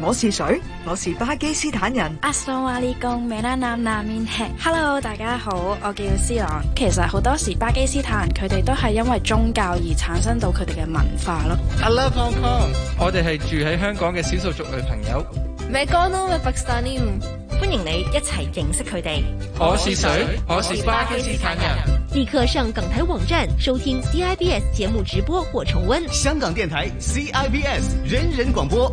我是誰？我是巴基斯坦人。阿 s l a m Ali g n Hello，大家好，我叫斯朗。其實好多時巴基斯坦人佢哋都係因為宗教而產生到佢哋嘅文化咯。I love Hong Kong，我哋係住喺香港嘅少數族裔朋友。Welcome to Pakistan，歡迎你一齊認識佢哋。我是誰？我是巴基斯坦人。立刻上港台網站收聽 CIBS 節目直播或重溫。香港電台 CIBS，人人廣播。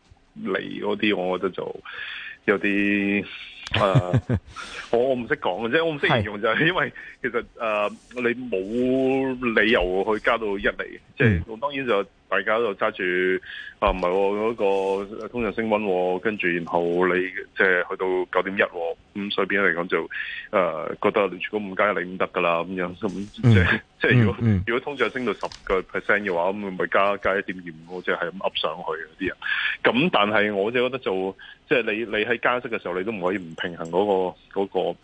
嚟嗰啲，我覺得就有啲。誒、 uh,，我我唔識講嘅啫，我唔識形容就係因為其實誒，uh, 你冇理由去加到一厘，即係、mm. 就是、當然就大家就揸住啊唔係嗰個通脹升溫、哦，跟住然後你即係、就是、去到九點一、哦，咁、嗯、所以邊嚟講就誒、呃、覺得你如果唔加一厘唔得噶啦，咁樣咁即係即係如果、mm. 如果通脹升到十個 percent 嘅話，咁咪加加一點二五即係咁噏上去啲人，咁但係我就覺得就。即係你，你喺加息嘅時候，你都唔可以唔平衡嗰個嗰個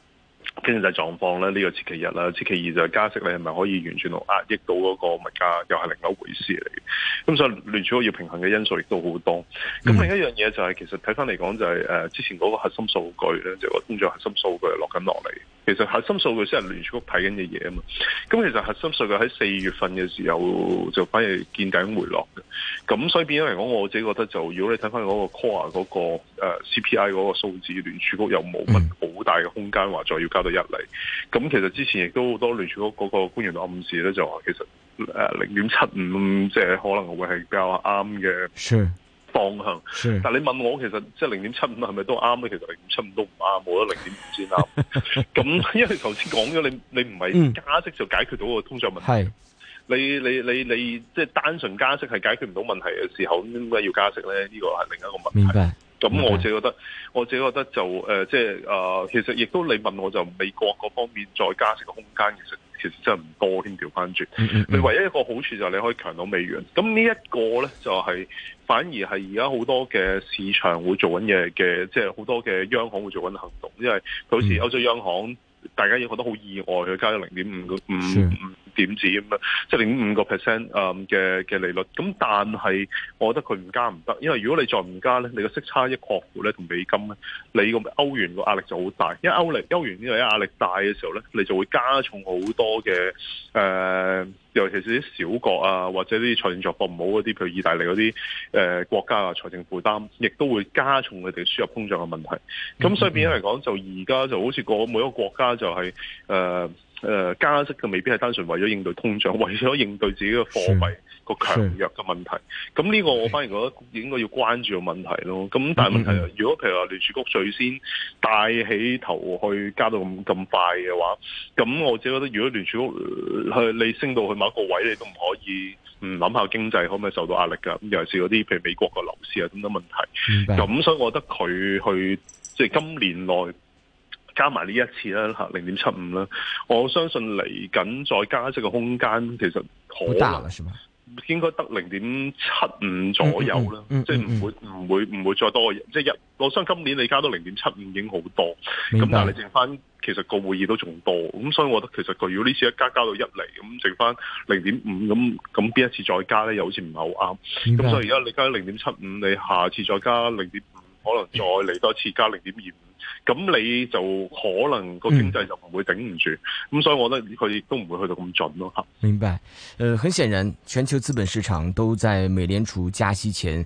經濟狀況咧。呢個係其一啦，係其二就係加息，你係咪可以完全壓抑到嗰個物價，又係另一回事嚟。咁所以聯儲要平衡嘅因素亦都好多。咁另一樣嘢就係，其實睇翻嚟講就係，誒，之前嗰個核心數據咧，就個通脹核心數據落緊落嚟。其實核心數據先係聯儲局睇緊嘅嘢啊嘛，咁其實核心數據喺四月份嘅時候就反而見頂回落嘅，咁所以變咗嚟講，我自己覺得就如果你睇翻嗰個 core 嗰、嗰個誒 CPI 嗰個數、呃、字，聯儲局又冇乜好大嘅空間話再要加到一厘。咁其實之前亦都好多聯儲局嗰個官員都暗示咧就話，其實誒零點七五即係可能會係比較啱嘅。Sure. 方向，是但係你問我其實即係零點七五係咪都啱咧？其實零點七五都唔啱，冇得零點五先啱。咁、 嗯嗯、因為頭先講咗，你你唔係加息就解決到個通脹問題。是你你你你即係、就是、單純加息係解決唔到問題嘅時候，應該要加息咧？呢、這個係另一個問題。明白。咁我自己覺得，mm hmm. 我自己覺得就誒，即係啊，其實亦、呃、都你問我就美國嗰方面再加息嘅空間，其實其實真係唔多，添調翻轉。Mm hmm. 你唯一一個好處就係你可以強到美元。咁呢一個咧，就係、是、反而係而家好多嘅市場會做緊嘢嘅，即係好多嘅央行會做緊行動，因、就、為、佢、好似歐洲央行，mm hmm. 大家亦覺得好意外，佢加咗零點五個五五。點止咁即係零五個 percent 嘅嘅利率。咁但係，我覺得佢唔加唔得，因為如果你再唔加咧，你個息差一擴闊咧，同美金咧，你個歐元個壓力就好大。因為歐元呢個一壓力大嘅時候咧，你就會加重好多嘅誒、呃，尤其是啲小國啊，或者啲財政狀況唔好嗰啲，譬如意大利嗰啲誒國家啊，財政負擔亦都會加重佢哋輸入通脹嘅問題。咁所以變咗嚟講，就而家就好似個每一個國家就係、是、誒。呃誒、呃、加息佢未必係單純為咗應對通脹，為咗應對自己嘅貨幣個強弱嘅問題。咁呢個我反而覺得應該要關注個問題咯。咁但係問題係，如果譬如話聯儲局最先帶起頭去加到咁咁快嘅話，咁我自己覺得，如果聯儲局去你升到去某一個位，你都唔可以唔諗下經濟可唔可以受到壓力㗎？咁尤其是嗰啲譬如美國嘅樓市啊等等問題。咁的所以，我覺得佢去即係今年內。加埋呢一次啦，嚇零點七五啦，我相信嚟緊再加息嘅空間其實好大啦，係咪？應該得零點七五左右啦，嗯嗯嗯、即係唔會唔、嗯、會唔會，會再多，即係一。我相信今年你加到零點七五已經好多，咁白但係你剩翻其實個會議都仲多，咁所以我覺得其實佢如果呢次一加加到一釐咁剩翻零點五，咁咁邊一次再加咧，又好似唔係好啱。咁白所以而家你加零點七五，你下次再加零點。嗯、可能再嚟多次加零點二五，咁你就可能個經濟就唔會頂唔住，咁、嗯、所以我覺得佢都唔會去到咁盡咯。明白，誒、呃，很顯然全球資本市場都在美聯儲加息前。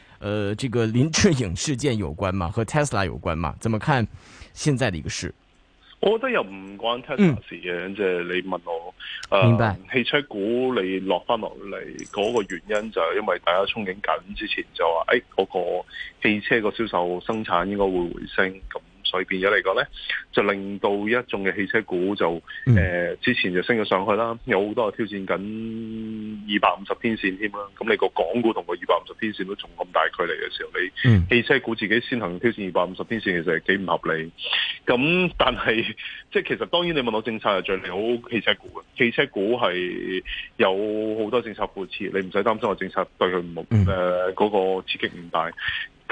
呃，這個林志穎事件有關嘛？和 Tesla 有關嘛？怎麼看現在的一個事？我覺得又唔關 Tesla 事嘅，即係、嗯、你問我，呃、明白，汽車股你落翻落嚟個原因就係因為大家憧憬緊之前就話，誒、哎，個汽車個銷售生產應該會回升咁。所以變咗嚟講咧，就令到一眾嘅汽車股就誒、呃、之前就升咗上去啦，有好多係挑戰緊二百五十天線添啦。咁你個港股同個二百五十天線都仲咁大距離嘅時候，你汽車股自己先行挑戰二百五十天線，其實係幾唔合理。咁但係即係其實當然你問我政策係最利好汽車股嘅，汽車股係有好多政策扶持，你唔使擔心個政策對佢冇嗰個刺激唔大。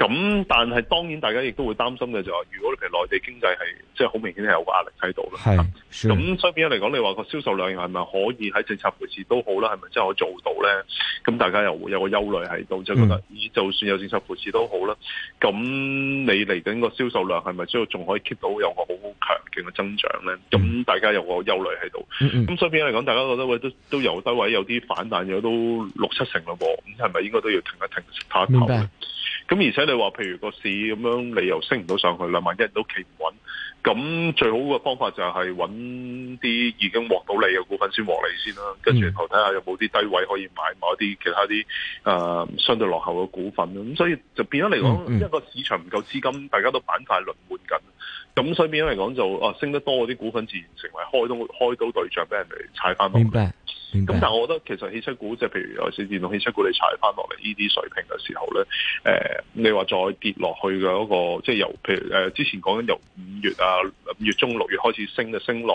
咁，但係當然，大家亦都會擔心嘅就係、是，如果你譬如內地經濟係即係好明顯係有個壓力喺度啦。係，咁相比嚟講，你話個銷售量係咪可以喺政策扶持都好啦？係咪真係可以做到咧？咁大家又會有個憂慮喺度，嗯、就覺得，咦，就算有政策扶持都好啦，咁你嚟緊個銷售量係咪之後仲可以 keep 到有個好好強勁嘅增長咧？咁、嗯、大家有個憂慮喺度。咁相比嚟講，大家覺得喂都都由低位，有啲反彈咗，都六七成啦噃，咁係咪應該都要停一停，唞一唞。咁而且你話，譬如個市咁樣，你又升唔到上去啦，兩萬一人都企唔穩，咁最好嘅方法就係揾啲已經獲到利嘅股份獲利先獲利先啦，跟住頭睇下有冇啲低位可以買埋一啲其他啲誒、呃、相對落後嘅股份，咁所以就變咗嚟講，嗯嗯、一個市場唔夠資金，大家都板塊輪換緊，咁所以變咗嚟講就啊，升得多嗰啲股份自然成為開刀開刀對象，俾人哋踩翻到。咁但係我覺得其實汽車股，就譬如有時電動汽車股，你踩翻落嚟呢啲水平嘅時候咧，誒、呃、你話再跌落去嘅嗰、那個，即係由譬如誒之前講緊由五月啊五月中六月開始升嘅升浪，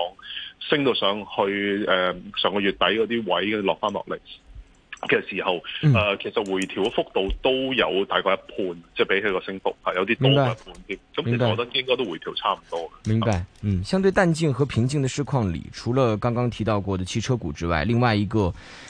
升到上去誒、呃、上個月底嗰啲位嘅落翻落嚟。嘅時候，誒，呃，其實回調嘅幅度都有大概一半，即係比起個升幅係有啲多一半啲。咁其實我覺得應該都回調差唔多。明白，是嗯，相對淡靜和平靜嘅市況裏，除了剛剛提到過嘅汽車股之外，另外一個。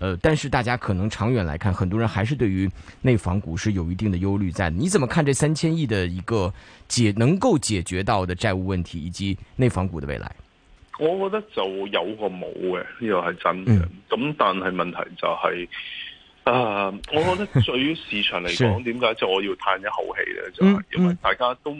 呃、但是大家可能長遠來看，很多人還是對於內房股是有一定的憂慮在。你怎麼看這三千億的一個解能夠解決到的債務問題，以及內房股的未來？我覺得就有個冇嘅呢個係真嘅。咁、嗯、但係問題就係、是，誒、呃，我覺得對於市場嚟講，點解就我要嘆一口氣咧？就係、是、因為大家都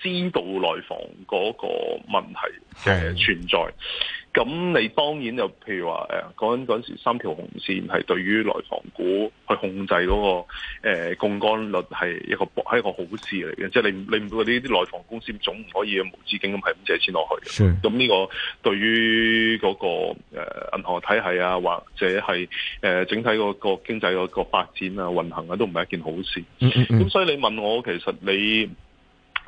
知道內房嗰個問題嘅存在。嗯嗯。咁你當然就譬如話誒，嗰陣時三條紅線係對於內房股去控制嗰、那個誒槓桿、呃、率係一個係一個好事嚟嘅，即、就、係、是、你你嗰啲內房公司總唔可以無止境咁係咁借錢落去嘅。咁呢的個對於嗰、那個誒、呃、銀行體系啊，或者係誒、呃、整體嗰個經濟嗰個發展啊、運行啊，都唔係一件好事。咁、嗯嗯、所以你問我其實你？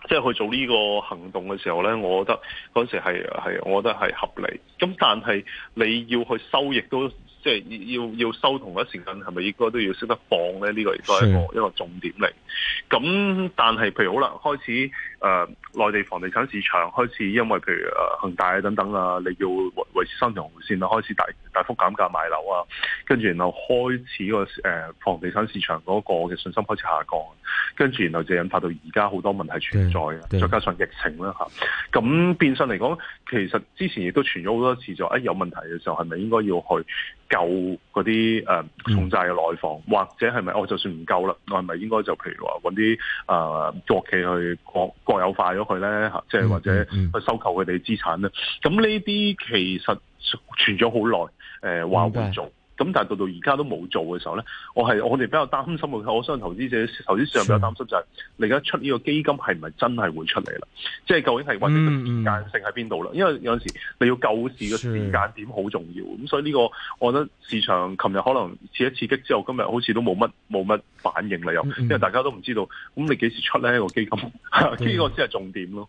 即係去做呢個行動嘅時候咧，我覺得嗰時係係，我覺得係合理。咁但係你要去收益都。即係要要收同一時陣，係咪應該都要識得放咧？呢、這個亦都係一個是一個重點嚟。咁但係譬如好啦，開始誒內、呃、地房地產市場開始，因為譬如誒、呃、恒大啊等等啊，你要維持三條紅線啊，開始大大幅減價賣樓啊，跟住然後開始、這個誒、呃、房地產市場嗰個嘅信心開始下降，跟住然後就引發到而家好多問題存在，再加上疫情啦咁、啊、變相嚟講，其實之前亦都傳咗好多次，就誒、啊、有問題嘅時候係咪應該要去？有嗰啲誒重債嘅內房，嗯、或者係咪我就算唔夠啦，我係咪應該就譬如話揾啲誒國企去國國有化咗佢咧，即係或者去收購佢哋資產咧？咁呢啲其實存咗好耐，誒話會做。嗯咁但係到到而家都冇做嘅時候咧，我係我哋比較擔心，我相信投資者、投資市場比較擔心就係、是，你而家出呢個基金係唔係真係會出嚟啦？即、就、係、是、究竟係揾一個時間性喺邊度啦？因為有陣時候你要救市嘅時間點好重要，咁所以呢個，我覺得市場琴日可能刺一刺激之後，今日好似都冇乜冇乜反應啦，又因為大家都唔知道，咁你幾時出咧、呢個基金？呢 個先係重點咯。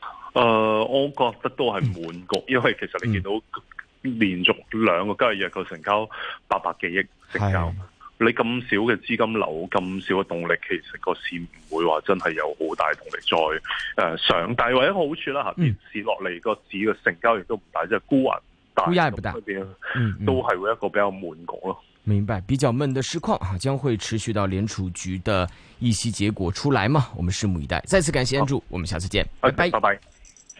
誒、呃，我覺得都係悶局，嗯、因為其實你見到連續兩個交易日嘅成交八百幾億成交，嗯、你咁少嘅資金流，咁少嘅動力，其實個市唔會話真係有好大動力再誒、呃、上，但係唯一個好處啦吓，跌市落嚟個市嘅成交亦都唔大，即係沽壓沽壓亦不大，都係會一個比較悶局咯。明白，比較悶的市況啊，將會持續到聯儲局的議息結果出來嘛？我們拭目以待。再次感謝安柱，哦、我們下次見。拜拜。哎拜拜。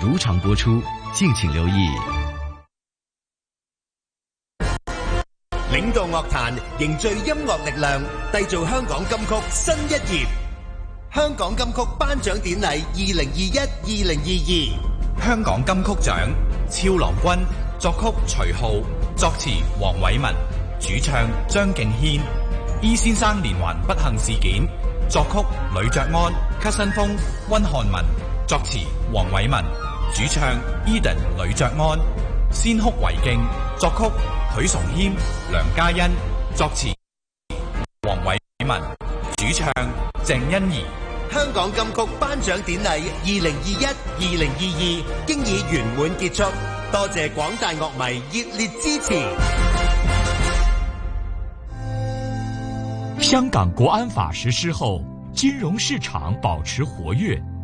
如常播出，敬請留意。領導樂壇凝聚音樂力量，締造香港金曲新一頁。香港金曲頒獎典禮二零二一、二零二二。香港金曲獎超郎君，作曲徐浩，作詞黃偉文，主唱張敬軒。伊先生連環不幸事件，作曲呂卓安、卡新峰、溫漢文，作詞，黃偉文主唱，Edan 呂爵安。先哭為敬作曲，許崇謙、梁嘉欣作詞。黃偉文，主唱鄭欣宜。香港金曲頒獎典禮二零二一、二零二二經已圓滿結束，多謝廣大樂迷熱烈支持。香港國安法實施後，金融市場保持活躍。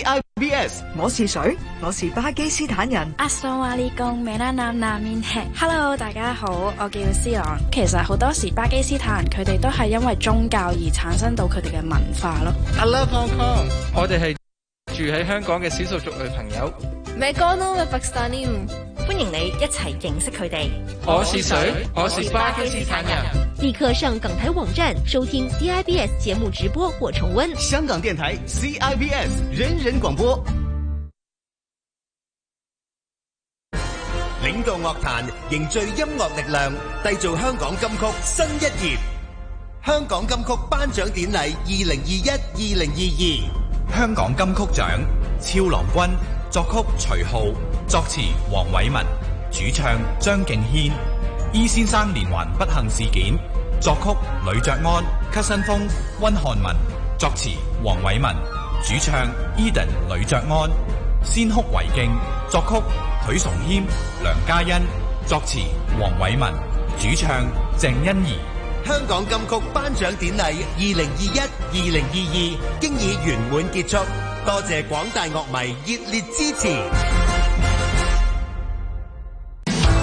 B I B S，我是誰？我是巴基斯坦人。Assalam Alaikum，Hello，大家好，我叫斯朗。其實好多時巴基斯坦人佢哋都係因為宗教而產生到佢哋嘅文化咯。I love Hong Kong，我哋係住喺香港嘅少數族裔朋友。咩歌都咩巴基斯坦。歡迎你一齊認識佢哋。我是誰？我是巴基斯坦人。立刻上港台網站收聽 CIBS 節目直播或重溫。香港電台 CIBS 人人廣播。領導樂壇凝聚音樂力量，締造香港金曲新一頁。香港金曲頒獎典禮二零二一、二零二二。香港金曲獎超郎君，作曲徐浩。作詞黃偉文，主唱張敬軒。伊先生連環不幸事件，作曲呂爵安、曲新峰、溫漢文。作詞黃偉文，主唱 Edan 呂爵安。先哭為敬，作曲許崇謙、梁嘉欣。作詞黃偉文，主唱鄭欣宜。香港金曲頒獎典禮二零二一、二零二二，22，經已圓滿結束，多謝廣大樂迷熱烈支持。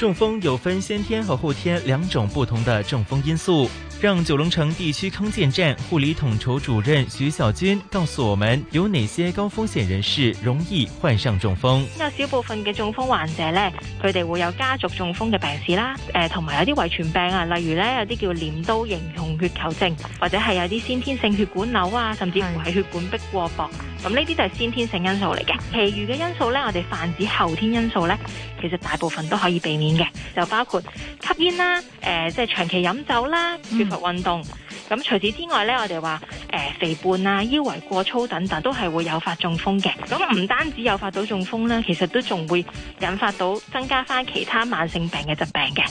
中風有分先天和後天兩種不同的中風因素，讓九龍城地區康健站護理統籌主任徐小軍告訴我們，有哪些高風險人士容易患上中風？有小部分嘅中風患者呢，佢哋會有家族中風嘅病史啦，誒、呃，同埋有啲遺傳病啊，例如呢，有啲叫鐮刀型紅血球症，或者係有啲先天性血管瘤啊，甚至乎係血管壁過薄，咁呢啲就係先天性因素嚟嘅。其餘嘅因素呢，我哋泛指後天因素呢，其實大部分都可以避免。嘅 就包括吸煙啦，誒、呃，即係長期飲酒啦，缺乏運動。咁除、嗯嗯、此之外咧，我哋話誒肥胖啊、腰圍過粗等等，都係會誘發中風嘅。咁唔單止誘發到中風啦，其實都仲會引發到增加返其他慢性病嘅疾病嘅。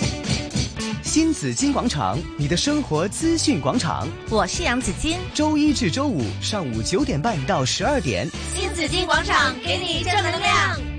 新紫金廣場，你的生活資訊廣場，我係楊紫金，周一至周五上午九點半到十二點，新紫金廣場給你正能量。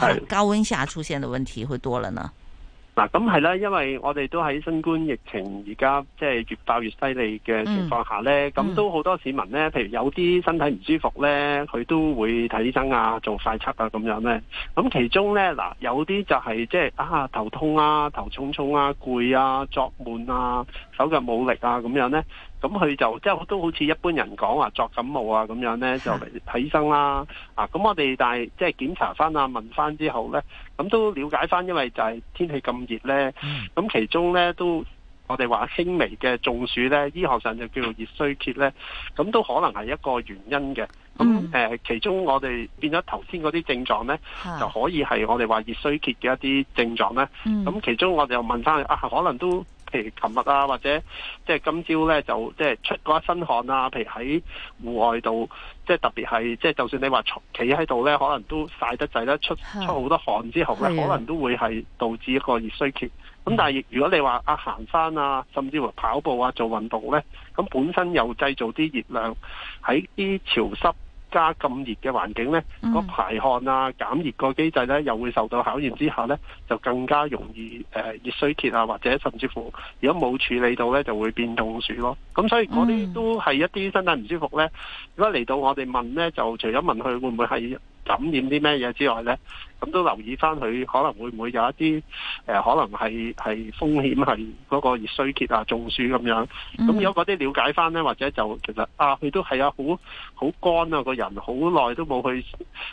啊、高溫下出現嘅問題會多了呢？嗱、嗯，咁係啦，因為我哋都喺新冠疫情而家即係越爆越犀利嘅情況下呢，咁都好多市民呢，譬如有啲身體唔舒服呢，佢都會睇醫生啊，做快測啊，咁樣呢。咁其中呢，嗱，有啲就係即係啊頭痛啊，頭重重啊，攰啊，作悶啊，手腳冇力啊，咁樣呢。咁佢就即係都好似一般人講話，啊、作感冒啊咁樣呢，就嚟睇醫生啦。嗯、啊，咁我哋但係即係檢查翻啊，問翻之後呢，咁都了解翻，因為就係天氣咁熱呢。咁、嗯、其中呢，都我哋話輕微嘅中暑呢，醫學上就叫做熱衰竭呢。咁都可能係一個原因嘅。咁、嗯呃、其中我哋變咗頭先嗰啲症狀呢，嗯、就可以係我哋話熱衰竭嘅一啲症狀呢。咁、嗯、其中我哋又問翻佢啊，可能都。譬如琴日啊，或者即係今朝咧，就即係出嗰一身汗啊。譬如喺戶外度，即係特別係，即係就算你話坐企喺度咧，可能都曬得滯啦。出出好多汗之後咧，的可能都會係導致一個熱衰竭。咁但係，如果你話啊行山啊，甚至乎跑步啊做運動咧，咁本身又製造啲熱量喺啲潮濕，加咁熱嘅環境呢，個排汗啊、減熱個機制呢，又會受到考驗之下呢，就更加容易誒熱、呃、衰竭啊，或者甚至乎，如果冇處理到呢，就會變中暑咯。咁所以嗰啲都係一啲身體唔舒服呢。如果嚟到我哋問呢，就除咗問佢會唔會係感染啲咩嘢之外咧，咁都留意翻佢可能會唔會有一啲、呃、可能係係風險係嗰個熱衰竭啊、中暑咁樣。咁如果嗰啲了解翻咧，或者就其實啊，佢都係啊好好乾啊，個人好耐都冇去、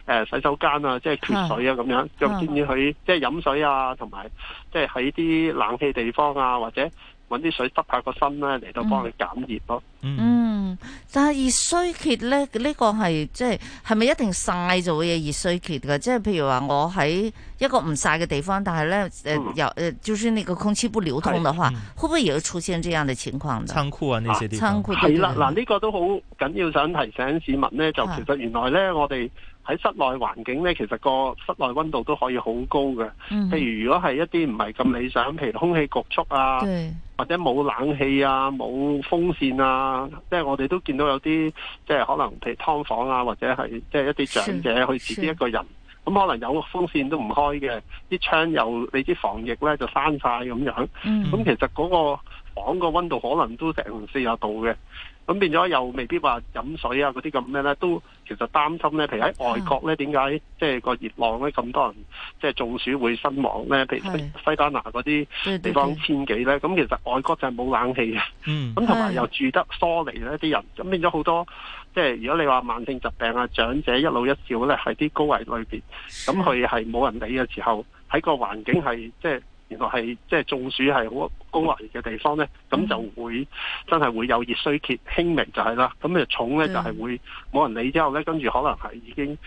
呃、洗手間啊，即係缺水啊咁樣，就建議佢即係飲水啊，同埋即係喺啲冷氣地方啊，或者。搵啲水濕下個身啦，嚟到幫你減熱咯。嗯、嗯、嗯，但係熱衰竭咧，呢、這個係即係係咪一定曬就會熱衰竭嘅？即、就、係、是、譬如話我喺一個唔曬嘅地方，但係咧誒又誒，就算呢個空氣不流通嘅話，嗯、會唔會亦都出現這樣嘅情況呢？倉庫、嗯嗯、啊，那啲地方倉庫係啦，嗱，呢個都好緊要，想提醒市民咧，就其實原來咧，啊、我哋。喺室內環境呢，其實個室內溫度都可以好高嘅。譬、嗯、如如果係一啲唔係咁理想，譬、嗯、如空氣局促啊，對或者冇冷氣啊、冇風扇啊，即、就、係、是、我哋都見到有啲即係可能譬如㓥房啊，或者係即係一啲長者去自己一個人，咁可能有風扇都唔開嘅，啲窗又你知防疫呢就閂晒咁樣，咁、嗯、其實嗰個房個溫度可能都成四十度嘅。咁變咗又未必話飲水啊嗰啲咁咩咧，都其實擔心咧。譬如喺外國咧，點解即係個熱浪咧咁多人即係中暑會身亡咧？譬如西班牙嗰啲地方千幾咧，咁其實外國就係冇冷氣嘅。咁同埋又住得疏離咧，啲人咁變咗好多。即係如果你話慢性疾病啊、長者一老一少咧，喺啲高危類別，咁佢係冇人理嘅時候，喺個環境係即係原來係即係中暑係好。工業嘅地方呢，咁就會、嗯、真係會有熱衰竭輕微就係啦，咁就重呢，啊、就係會冇人理之後呢，跟住可能係已經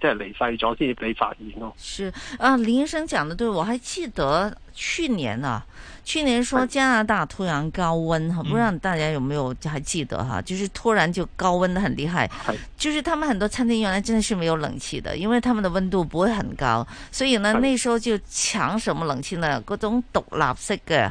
即係離世咗先至畀你發現咯。是啊，林醫生講得對，我還記得去年啊，去年說加拿大突然高溫，是不知道大家有沒有還記得哈？就是突然就高溫得很厲害，是就是他們很多餐廳原來真的是沒有冷氣的，因為他們的溫度不會很高，所以呢，是那時候就搶什麼冷氣呢？嗰種獨立式嘅。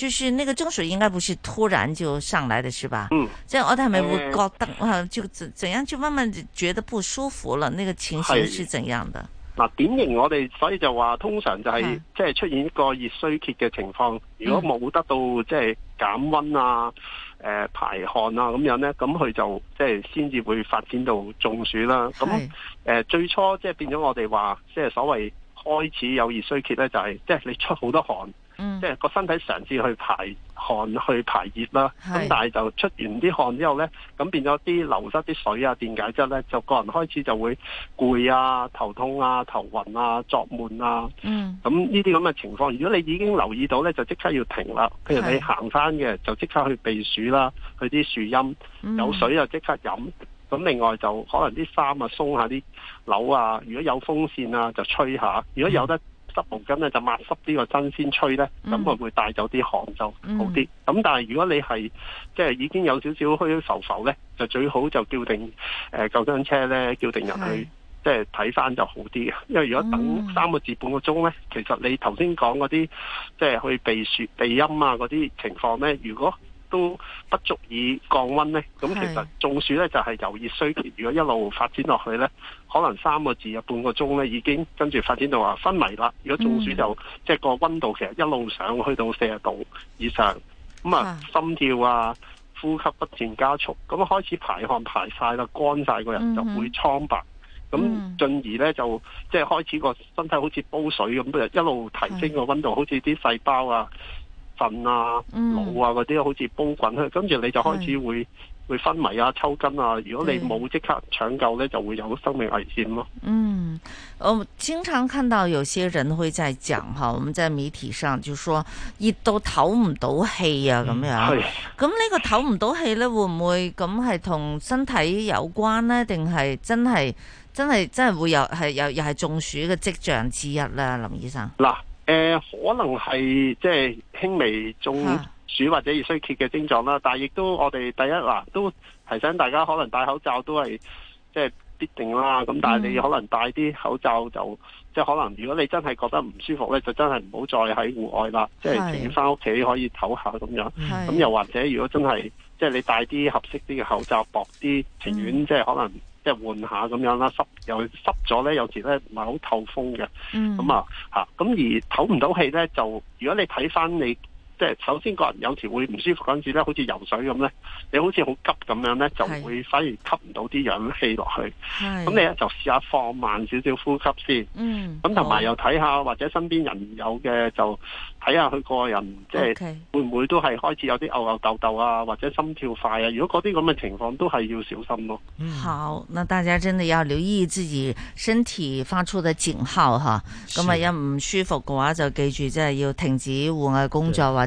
就是那個中暑應該不是突然就上來的，是吧？嗯，即係我哋係咪會覺得，啊、呃，就怎怎樣就慢慢覺得不舒服了，那個情形是怎樣的？嗱、呃，典型我哋所以就話，通常就係、是、是即係出現一個熱衰竭嘅情況，如果冇得到、嗯、即係減溫啊、誒、呃、排汗啊咁樣咧，咁佢就即係先至會發展到中暑啦。咁誒是、呃、最初即係變咗我哋話，即係所謂開始有熱衰竭咧，就係、是、即係你出好多汗。嗯，即係個身體嘗試去排汗、去排熱啦，咁是但係就出完啲汗之後呢，咁變咗啲流失啲水啊、電解質呢，就個人開始就會攰啊、頭痛啊、頭暈啊、作悶啊。嗯，咁呢啲咁嘅情況，如果你已經留意到呢，就即刻要停啦。譬如你行返嘅，是就即刻去避暑啦，去啲樹蔭，有水就即刻飲。咁，嗯，另外就可能啲衫啊鬆下啲紐啊，如果有風扇啊就吹下，如果有得。嗯濕毛巾咧，就抹濕啲個身先吹咧，咁佢唔會帶走啲汗就好啲。咁、嗯、但係如果你係即係已經有少少虛浮浮咧，就最好就叫定誒、呃、救傷車咧，叫定人去的即係睇翻就好啲嘅，因為如果等三個字半個鐘咧，其實你頭先講嗰啲即係去避雪、避陰啊嗰啲情況咧，如果都不足以降溫呢。咁其實中暑呢，就係、是、由熱衰竭，如果一路發展落去呢，可能三個字啊半個鐘呢已經跟住發展到話昏迷啦。如果中暑就、嗯、即係個溫度其實一路上去到四十度以上，咁啊心跳啊，啊呼吸不斷加速，咁開始排汗排晒啦，乾晒個人、嗯、哼就會蒼白，咁進而呢，就即係開始個身體好似煲水咁，都一路提升個溫度，是好似啲細胞啊。腎、嗯、啊、腦啊嗰啲，好似煲滾去，跟住你就開始會是會昏迷啊、抽筋啊。如果你冇即對刻搶救咧，就會有生命危險咯、啊。嗯，我經常看到有些人會在講哈，我們在媒體上就說熱到唞唔到氣啊咁樣。係是。咁呢個唞唔到氣咧，會唔會咁係同身體有關呢？定係真係真係真係會有係又又係中暑嘅跡象之一咧？林醫生嗱。誒、呃，可能係即係輕微中暑或者熱衰竭嘅症狀啦，啊、但係亦都我哋第一嗱都提醒大家，可能戴口罩都係即係必定啦。咁、嗯、但係你可能戴啲口罩就即係、就是、可能，如果你真係覺得唔舒服咧，就真係唔好再喺戶外啦，即係情願翻屋企可以唞下咁樣。咁又或者如果真係即係你戴啲合適啲嘅口罩，薄啲，情願即係可能。換下咁樣啦，濕又濕咗咧，有時咧唔係好透風嘅，咁、嗯、啊吓，咁而唞唔到氣咧，就如果你睇翻你。即係首先個人有時會唔舒服嗰陣時咧，好似游水咁咧，你好似好急咁樣咧，就會是反而吸唔到啲氧氣落去。咁是你咧就試下放慢少少呼吸先。咁同埋又睇下或者身邊人有嘅就睇下佢個人即係 Okay 會唔會都係開始有啲吽吽竇竇啊，或者心跳快啊。如果嗰啲咁嘅情況都係要小心咯。好，那大家真係要留意自己身體發出嘅警號吓。咁啊，一唔是舒服嘅話就記住即係要停止戶外工作或。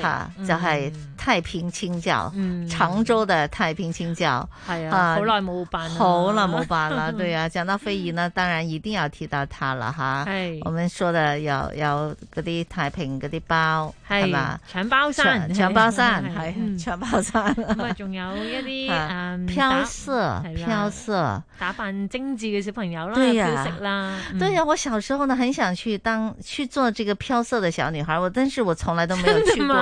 吓，就係太平清醮，嗯，長洲的太平清醮，係啊，好耐冇辦，好耐冇辦啦，對啊。講到非遺呢，當然一定要提到它啦，吓，係，我們說的有有啲太平啲包，係嘛，搶包山，搶包山，係，搶包山。咁啊，仲有一啲誒，飄色，飄色，打扮精緻嘅小朋友啦，係啊，食啦，對啊，我小時候呢，很想去當去做這個飄色的小女孩，我，但是我從來都沒有去過。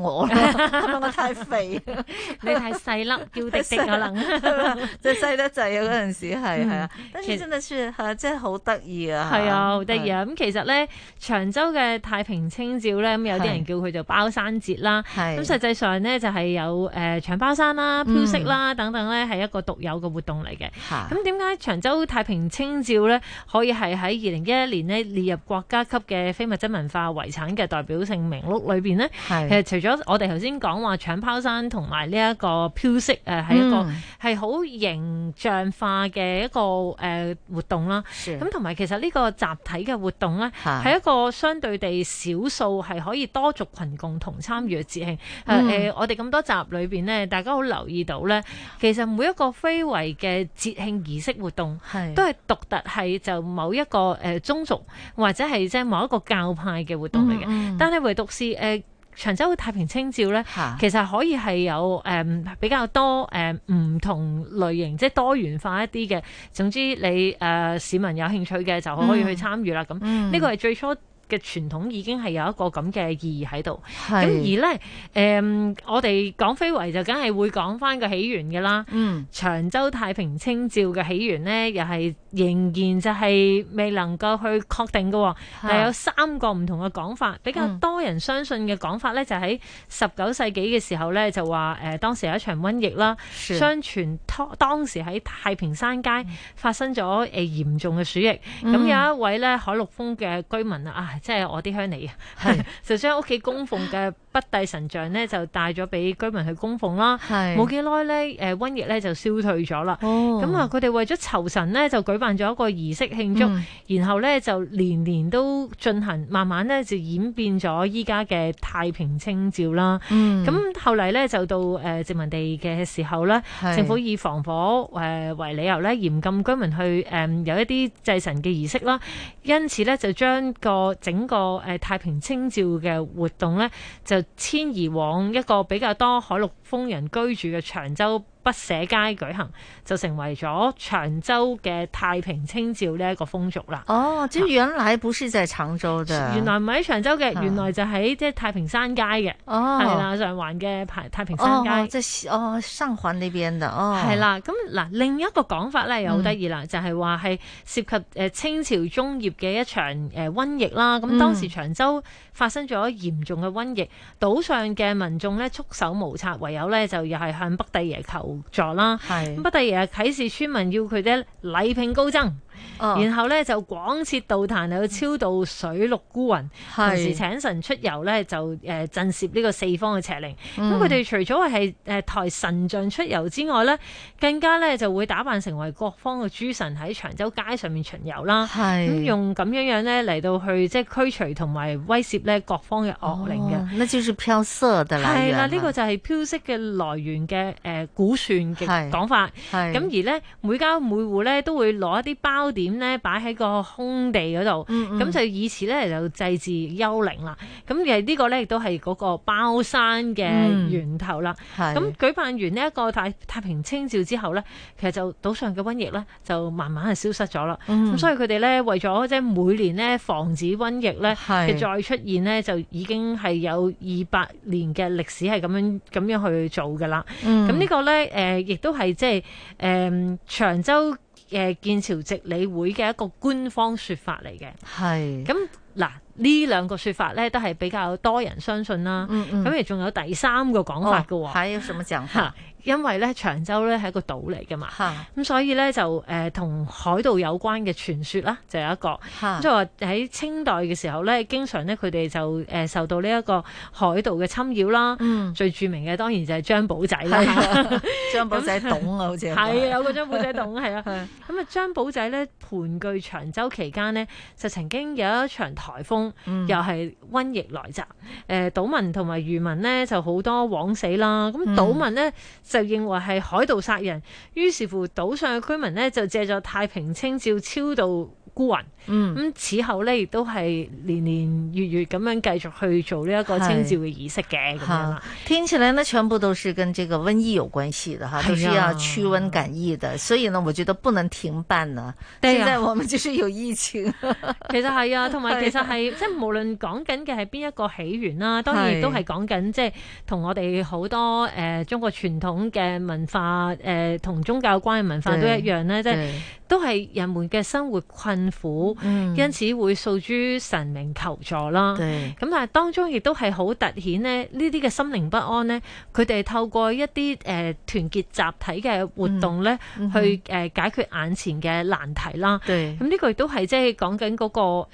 我我太肥，你太細粒，叫的跌可能，就細得滯啊！嗰陣時係係啊，跟住真係算嚇，真係好得意啊！係啊，好得意啊！咁其實咧，長洲嘅太平清醮咧，咁有啲人叫佢做包山節啦，咁實際上咧就係有誒長包山啦、飄色啦等等咧，係一個獨有嘅活動嚟嘅。咁點解長洲太平清醮咧可以係喺二零一一年呢，列入國家級嘅非物質文化遺產嘅代表性名錄裏邊呢。其除咗我哋頭先講話搶包山同埋呢一個飄色，誒係一個係好形象化嘅一個誒活動啦。咁同埋其實呢個集體嘅活動咧，係一個相對地少數係可以多族群共同參與嘅節慶。誒、嗯呃、我哋咁多集裏邊咧，大家好留意到咧，其實每一個非遺嘅節慶儀式活動，是都係獨特係就某一個誒宗、呃、族或者係即係某一個教派嘅活動嚟嘅。嗯嗯但係唯獨是誒。呃長洲嘅太平清醮咧，其實可以係有誒、嗯、比較多誒唔、嗯、同類型，即係多元化一啲嘅。總之你誒、呃、市民有興趣嘅，就可以去參與啦。咁呢、嗯、個係最初嘅傳統已經係有一個咁嘅意義喺度，咁是而呢，嗯、我哋講非遺就梗係會講翻個起源嘅啦。嗯、長洲太平清醮嘅起源呢，又係仍然就係未能夠去確定嘅，但係有三個唔同嘅講法，啊、比較多人相信嘅講法呢，嗯、就喺十九世紀嘅時候呢，就話誒、呃、當時有一場瘟疫啦，是相傳當時時喺太平山街發生咗誒、呃、嚴重嘅鼠疫，咁、嗯、有一位呢，海陸豐嘅居民啊！即係我啲香嚟，係 就將屋企供奉嘅。 北帝神像呢，就帶咗俾居民去供奉啦。冇幾耐呢，瘟疫呢就消退咗啦。咁啊、哦，佢哋為咗酬神呢，就舉辦咗一個儀式慶祝，嗯、然後呢，就年年都進行，慢慢呢，就演變咗依家嘅太平清醮啦。咁、嗯、後嚟呢，就到殖民地嘅時候呢，是政府以防火為理由呢，嚴禁居民去誒有一啲祭神嘅儀式啦。因此呢，就將個整個太平清醮嘅活動呢，就遷移往一個比較多海陸豐人居住嘅長洲。北社街舉行就成為咗長洲嘅太平清醮呢一個風俗啦。哦，即係原來不是在長洲嘅，原來唔係喺長洲嘅，哦、原來就喺即係太平山街嘅。哦，係啦，上環嘅太平山街。即係哦，哦，哦，上環呢邊嘅。哦，係啦。咁嗱，另一個講法咧又好得意啦，嗯、就係話係涉及誒清朝中葉嘅一場誒瘟疫啦。咁、嗯、當時長洲發生咗嚴重嘅瘟疫，島上嘅民眾咧束手無策，唯有咧就又係向北帝爺求助啦，咁不第二日啟示村民要佢哋禮聘高僧。然後咧、哦、就廣設道壇，嚟到超度水陸孤魂，同時請神出遊咧就誒、呃、震懾呢個四方嘅邪靈。咁佢哋除咗係誒抬神像出遊之外咧，更加咧就會打扮成為各方嘅諸神喺長洲街上面巡遊啦。係咁用咁樣樣咧嚟到去即係驅除同埋威懾咧各方嘅惡靈嘅。那就是飄色嘅來源。係啦，呢個就係飄色嘅來源嘅誒估算嘅講法。咁、嗯、而咧每家每戶咧都會攞一啲包。焦點咧擺喺個空地嗰度，咁就、嗯嗯、以此咧就祭祀幽靈啦。咁其實呢個咧，亦都係嗰個包山嘅源頭啦。咁、嗯、舉辦完呢一個太太平清醮之後咧，其實就島上嘅瘟疫咧就慢慢係消失咗啦。咁、嗯、所以佢哋咧為咗即係每年咧防止瘟疫咧嘅再出現咧，是就已經係有二百年嘅歷史係咁樣咁樣去做噶啦。咁呢、嗯、個咧，誒亦都係即係誒長洲。嘅建醮值理會嘅一個官方説法嚟嘅，係咁。嗱，呢兩個説法咧都係比較多人相信啦。咁、嗯嗯、而仲有第三個講法㗎喎。因為咧長洲咧係一個島嚟嘅嘛，咁、啊、所以咧就誒同海盜有關嘅傳說啦，就有一個，即係話喺清代嘅時候咧，經常咧佢哋就誒受到呢一個海盜嘅侵擾啦。嗯、最著名嘅當然就係張保仔啦、啊，張保仔洞啊， 好似係，啊，有個張保仔洞係啊。咁 啊，張保仔咧、啊啊嗯、盤踞長洲期間呢，就曾經有一場颱風，嗯、又係瘟疫來襲，誒、呃、島民同埋漁民呢，就好多枉死啦。咁島民咧，嗯就認為係海盜殺人，於是乎島上嘅居民呢，就借咗太平清醮超度。孤雲，嗯，咁此後咧亦都係年年月月咁樣繼續去做呢一個清醮嘅儀式嘅咁樣啦。聽起嚟呢，全部都是跟這個瘟疫有關係的哈，都是要驅瘟趕疫的，所以呢，我覺得不能停辦啊，現在我們就是有疫情。其實係啊，同埋其實係即係無論講緊嘅係邊一個起源啦，當然亦都係講緊即係同我哋好多誒中國傳統嘅文化誒同宗教關係文化都一樣咧，即係都係人們嘅生活困苦，嗯、因此會訴諸神明求助啦。咁對但係當中亦都係好凸顯咧，呢啲嘅心靈不安咧，佢哋透過一啲誒團結集體嘅活動咧，嗯嗯、去誒、呃、解決眼前嘅難題啦。咁呢對、嗯這個亦都係即係講緊個誒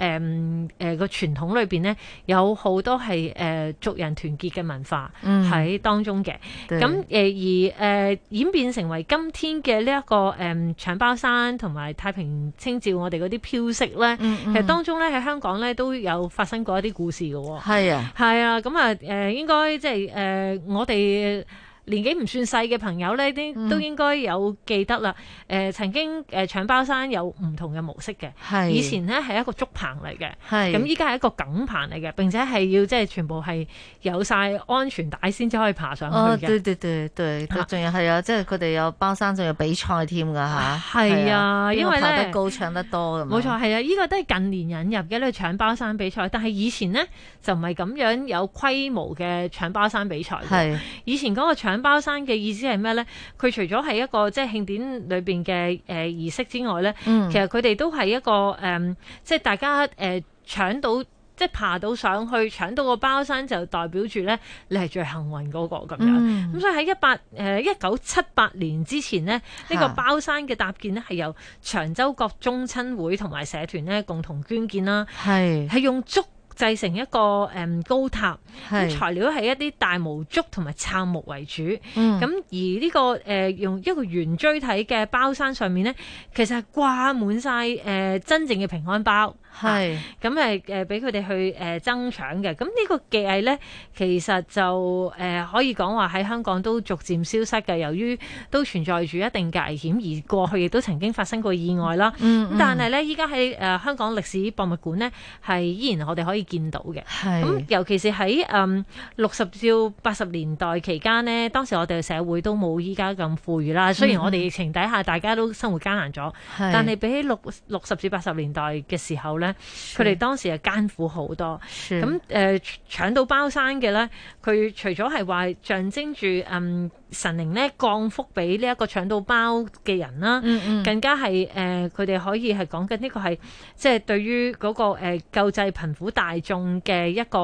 誒個傳統裏邊咧，有好多係誒、呃、族人團結嘅文化喺、嗯、當中嘅。咁誒對而誒、呃、演變成為今天嘅呢一個誒搶、嗯、包山同。同埋太平清醮我，我哋嗰啲飄色咧，其實當中咧喺香港咧都有發生過一啲故事嘅。係啊，係啊，咁啊，誒、呃，應該即係誒，我哋。年紀唔算細嘅朋友咧，都應該有記得啦。誒、嗯呃，曾經誒搶包山有唔同嘅模式嘅。是以前呢係一個竹棚嚟嘅，咁依家係一個梗棚嚟嘅，並且係要即係全部係有晒安全帶先至可以爬上去嘅。哦，對對對對，仲有係啊，有即係佢哋有包山，仲有比賽添㗎嚇，係啊，啊因為咧，為爬得高搶得多冇錯，係為樣啊，依、這個都係近年引入嘅呢個搶包山比賽，但係以前呢就唔係咁樣有規模嘅搶包山比賽。是以前嗰、那個搶。包山嘅意思係咩呢？佢除咗係一個即係慶典裏邊嘅誒儀式之外呢，嗯、其實佢哋都係一個誒、嗯，即係大家誒搶、呃、到即係爬到上去搶到個包山，就代表住呢你係最幸運嗰個咁樣。咁、嗯、所以喺一八誒、呃、一九七八年之前呢、呢、這個包山嘅搭建呢係、啊、由長洲各宗親會同埋社團呢共同捐建啦，係是用竹。製成一個誒高塔，材料係一啲大毛竹同埋杉木為主。咁、嗯、而呢、呢個誒、呃、用一個圓錐體嘅包山上面呢，其實係掛滿晒誒真正嘅平安包。係，咁誒誒，俾佢哋去增、呃、爭搶嘅，咁呢個技藝咧，其實就、呃、可以講話喺香港都逐漸消失嘅，由於都存在住一定嘅危險，而過去亦都曾經發生過意外啦。咁、嗯嗯、但係咧，依家喺香港歷史博物館呢，係依然我哋可以見到嘅。咁係、嗯、尤其是喺嗯六十至八十年代期間呢，當時我哋嘅社會都冇依家咁富裕啦。雖然我哋疫情底下大家都生活艱難咗，嗯嗯但係比起六六十至八十年代嘅時候呢，咧，佢哋當時係艱苦好多。咁誒、呃、搶到包山嘅咧，佢除咗係話象徵住誒、嗯、神靈咧降福俾呢一個搶到包嘅人啦，嗯嗯更加係誒佢哋可以係講緊呢個係即係對於嗰、那個、呃、救濟貧苦大眾嘅一個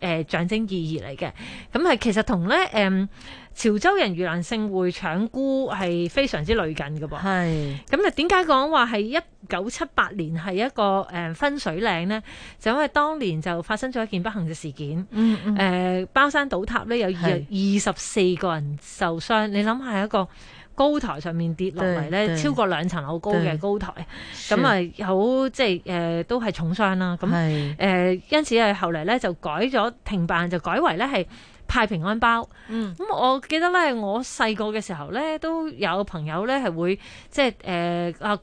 誒象、呃、徵意義嚟嘅。咁係其實同咧誒潮州人盂蘭勝會搶孤係非常之類近嘅噃。係咁啊？點解講話係一九七八年係一個誒？呃分水嶺咧，就因為當年就發生咗一件不幸嘅事件，誒、嗯嗯呃、包山倒塌咧，有二二十四個人受傷，是你諗下一個高台上面跌落嚟咧，超過兩層樓高嘅高台，咁啊好即係誒都係重傷啦，咁誒是、呃、因此係後嚟咧就改咗停辦，就改為咧係派平安包。咁、嗯、我記得咧，我細個嘅時候咧都有朋友咧係會即係誒、呃、啊。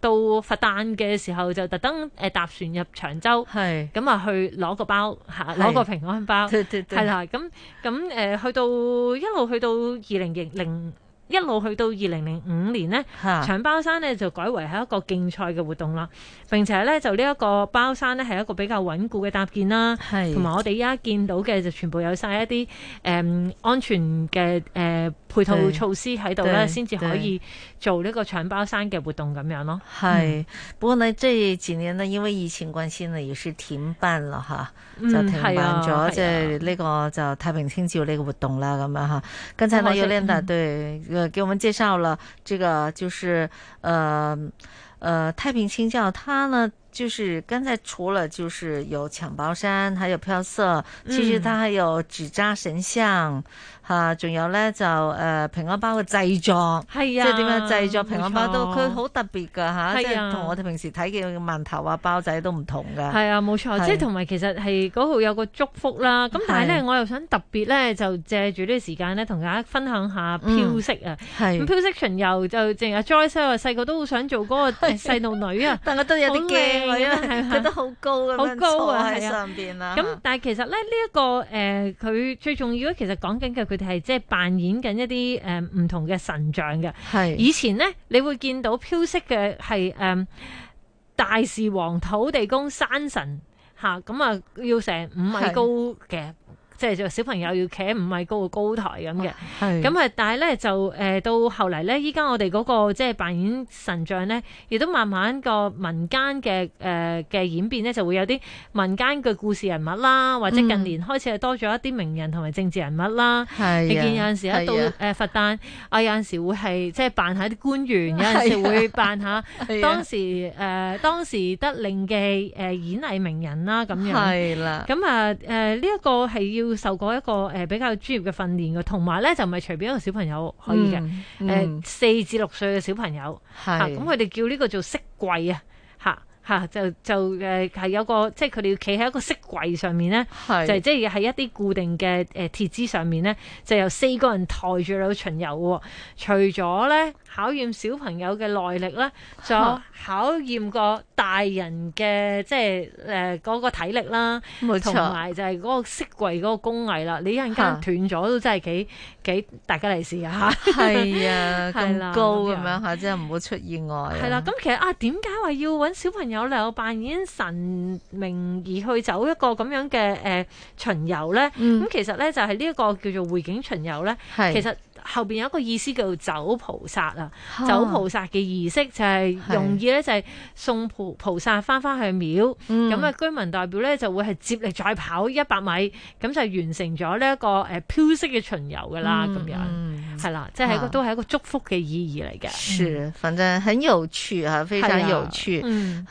到佛誕嘅時候就特登誒、呃、搭船入長洲，咁啊是、嗯、去攞個包吓，攞、啊、個平安包，係啦是。咁咁誒去到 200, 00, 一路去到二零零零一路去到二零零五年咧，的搶包山呢就改為係一個競賽嘅活動啦。並且咧就呢一個包山呢係一個比較穩固嘅搭建啦，同埋的我哋而家見到嘅就全部有晒一啲誒、嗯、安全嘅誒。呃配套措施喺度咧，先至可以做呢個搶包山嘅活動。咁樣咯。係是、嗯、不過呢即係前年呢因為疫情關係呢也是停辦啦吓，嗯啊、就停辦咗即係呢個就太平清醮呢個活動啦咁啊嚇。剛才呢，Yolanda 對，呃、嗯，給我們介紹了這個就是，呃，呃，太平清醮，它呢？就是剛才除了就是有搶包山，還有飄色，其實它還有紙紮神像，吓、嗯，仲有咧就誒平安包嘅製作，係啊，就呃、是啊即係點樣製作平安包都，佢好錯特別噶吓，啊啊、即係同我哋平時睇嘅饅頭啊包仔都唔同噶，係啊，冇錯，是即係同埋其實係嗰度有個祝福啦，咁是但係咧我又想特別咧就借住呢個時間咧同大家分享下飄色啊，係、嗯，飄色巡遊就淨係 Joyce 話細個都好想做嗰個細路女啊， 但係我都有啲驚。係啊，啊啊覺得好高，高啊，好高啊，喺上邊啦。咁但係其實咧，呢、這、一個誒，佢、呃、最重要咧，其實講緊嘅佢哋係即係扮演緊一啲誒唔同嘅神像嘅。係是以前咧，你會見到飄色嘅係誒大士王、土地公、山神吓，咁、呃、啊要成五米高嘅。即係就小朋友要企喺五米高嘅高台咁嘅，咁啊！但係咧就誒、呃、到後嚟咧，依家我哋嗰、嗰個即係扮演神像咧，亦都慢慢個民間嘅誒嘅演變咧，就會有啲民間嘅故事人物啦，或者近年開始係多咗一啲名人同埋政治人物啦。嗯、你見有陣時喺度誒佛誕，啊有陣時候會係即係扮下啲官員，有陣時候會扮下當時誒、啊啊呃、當時得令嘅誒、呃、演藝名人啦咁樣係啦，咁啊誒呢一個係要。要受過一個誒比較專業嘅訓練嘅，同埋咧就唔係隨便一個小朋友可以嘅。誒、嗯，嗯、四至六歲嘅小朋友，係咁佢哋叫呢個做色櫃啊，吓、啊、吓就就誒係有個即係佢哋要企喺一個色櫃上面咧，是就即係喺一啲固定嘅誒鐵枝上面咧，就由四個人抬住去巡遊嘅。除咗咧考驗小朋友嘅耐力咧，仲有考驗個。大人嘅即係誒個體力啦，冇錯錯，同埋就係嗰個色櫃嗰個工藝啦，你一陣間斷咗都真係幾、啊、幾大吉利是吓，係啊，咁高咁樣吓，啊、真係唔好出意外，啊。係啦、啊，咁其實啊，點解話要揾小朋友嚟扮演神明而去走一個咁樣嘅誒、呃、巡遊咧？咁、嗯、其實咧就係呢一個叫做會景巡遊咧，是其實。後邊有一個意思叫做走菩薩啊，走菩薩嘅儀式就係容易咧，就係送菩是菩薩翻翻去廟，咁啊、嗯、居民代表咧就會係接力再跑一百米，咁、嗯、就完成咗呢、嗯嗯就是、一個誒飄色嘅巡遊噶啦，咁樣係啦，即係都係一個祝福嘅意義嚟嘅。是，嗯、反正很有趣啊，非常有趣。吓、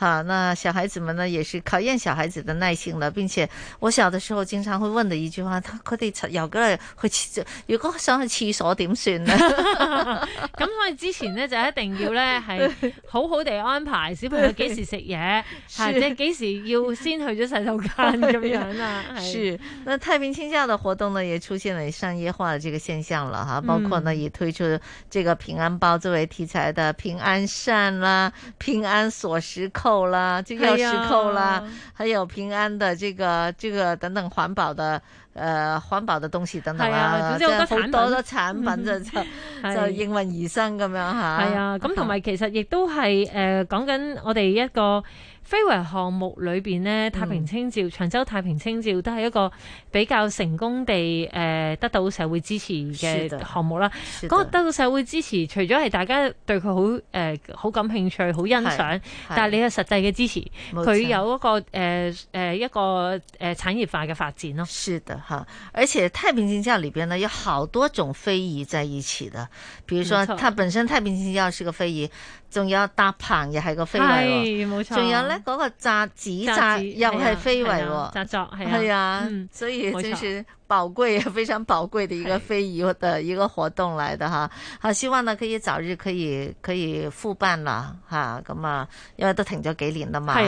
啊嗯，那小孩子們呢，也是考驗小孩子的耐性啦，並且我小的時候經常會問的一句話，佢哋由嗰度去廁，如果想去廁所點點算啦？咁所以之前呢，就一定要咧係好好地安排小 朋友幾時食嘢，係即係幾時要先去咗洗手間咁樣啊？是，那太平清醮嘅活動呢，也出現了商業化的這個現象了哈，包括呢、嗯、也推出這個平安包作為題材的平安扇啦、平安鎖匙扣啦、這鑰匙扣啦、啊、還有平安的這個、這個等等環保的。誒環保嘅東西等係啊，總之好多產多產品就、 啊、就應運而生咁樣吓係啊，咁同埋其實亦都係誒講緊我哋一個。非遺項目裏邊呢，太平清照、長洲太平清醮都係一個比較成功地誒得到社會支持嘅項目啦。嗰個得到社會支持，除咗係大家對佢好誒好感興趣、好欣賞，是是但係你有實際嘅支持，佢有一個誒誒一個誒產業化嘅發展咯。是的，吓、呃，而且太平清醮裏邊呢有好多種非遺在一起的，比如說，它本身太平清醮是個非遺。仲有搭棚又係個非遺，冇錯，仲有咧嗰個紮紙紮又係非遺，紮作係啊，所以真是寶貴，非常寶貴的一個非遺的一個活動來的哈。好，希望呢可以早日可以可以復辦啦，哈咁啊，因為都停咗幾年啦嘛，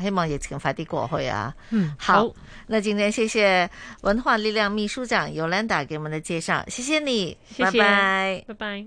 希望疫情快啲過去啊。嗯，好，那今天謝謝文化力量秘書長 Yolanda 給我們的介紹，謝謝你，拜拜，拜拜。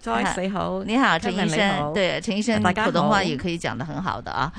Joyce 好，你好，陳醫生，對陳醫生，普通話也可以講得很好的啊。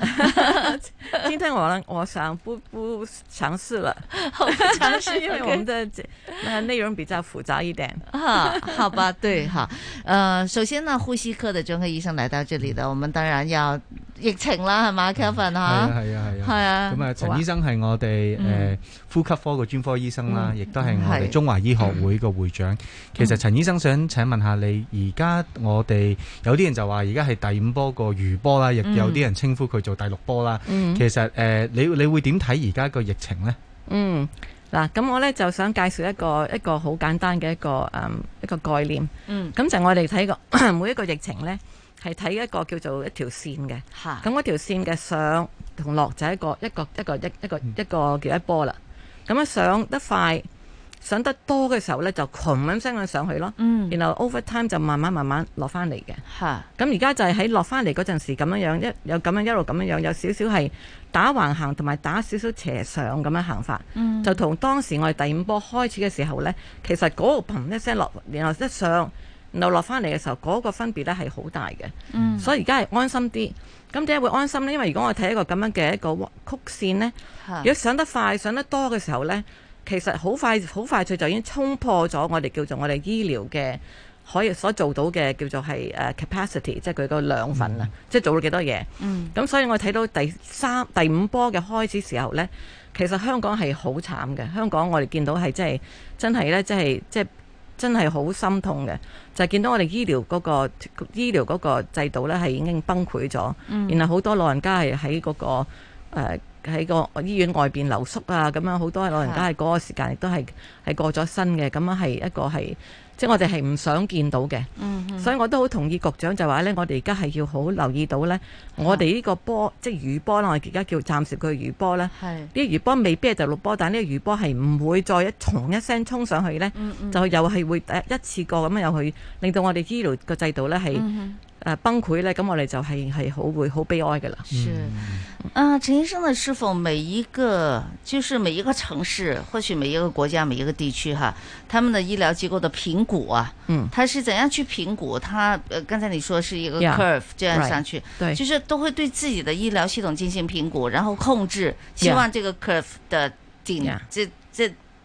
今天我我想不不嘗試了，不嘗試，因為我們的內容比較複雜一點。哈，好吧，對，哈，呃，首先呢，呼吸科的專科醫生嚟到這裏啦，我們當然有疫情啦，係嘛，Kevin，啊，係啊，係啊，係啊，咁啊，陳醫生係我哋誒呼吸科嘅專科醫生啦，亦都係我哋中華醫學會嘅會長。其實陳醫生想請問下你而家。我哋有啲人就話而家係第五波個餘波啦，亦有啲人稱呼佢做第六波啦。嗯、其實誒、呃，你你會點睇而家個疫情呢？嗯，嗱，咁我呢就想介紹一個一個好簡單嘅一個誒、嗯、一個概念。嗯，咁就我哋睇個每一個疫情呢，係睇一個叫做一條線嘅。吓的，咁嗰條線嘅上同落就係一個一個一個一一個一個，一個叫一波啦。咁啊上得快。上得多嘅時候呢，就窮咁聲咁上去咯，嗯、然後 over time 就慢慢慢慢落翻嚟嘅。咁而家就係喺落翻嚟嗰陣時咁樣樣，一有咁樣一路咁樣樣，有少少係打橫行同埋打少少斜上咁樣行法，嗯、就同當時我哋第五波開始嘅時候呢，其實嗰個砰一聲落，然後一上，然後落翻嚟嘅時候，嗰個分別呢係好大嘅。嗯。所以而家係安心啲。咁點解會安心呢？因為如果我睇一個咁樣嘅一個曲線呢，的如果上得快、上得多嘅時候呢。其實好快好快就已經衝破咗我哋叫做我哋醫療嘅可以所做到嘅叫做係、啊、capacity，即係佢個量份啦，即係、嗯、做咗幾多嘢。嗯。咁所以我睇到第三第五波嘅開始的時候呢，其實香港係好慘嘅。香港我哋見到係真係真係呢，真係即真係好心痛嘅，就係、是、見到我哋醫療嗰、那個、個制度呢，係已經崩潰咗，嗯、然後好多老人家係喺嗰個、呃喺個醫院外邊留宿啊，咁樣好多老人家係嗰個時間亦都係係過咗身嘅，咁樣係一個係，即係我哋係唔想見到嘅。嗯、哼所以我都好同意局長就話呢，我哋而家係要好留意到呢。的我哋呢個波即係餘波啦，我而家叫暫時叫餘波呢。呢啲餘波未必係就第六波，但係呢餘波係唔會再一重一聲衝上去呢，嗯嗯就又係會一次過咁樣又去令到我哋醫療個制度呢係。是嗯呃、崩潰呢，咁我哋就係係好會好悲哀嘅啦。是啊、呃，陳醫生呢，是否每一個就是每一個城市，或許每一個國家、每一個地區哈，他們的醫療機構的評估啊，嗯，他是怎樣去評估？他呃，剛才你說是一個 curve 這樣上去，對，Yeah, right, 就是都會對自己的醫療系統進行評估，然後控制，Yeah. 希望這個 curve 的頂這 Yeah. 這。這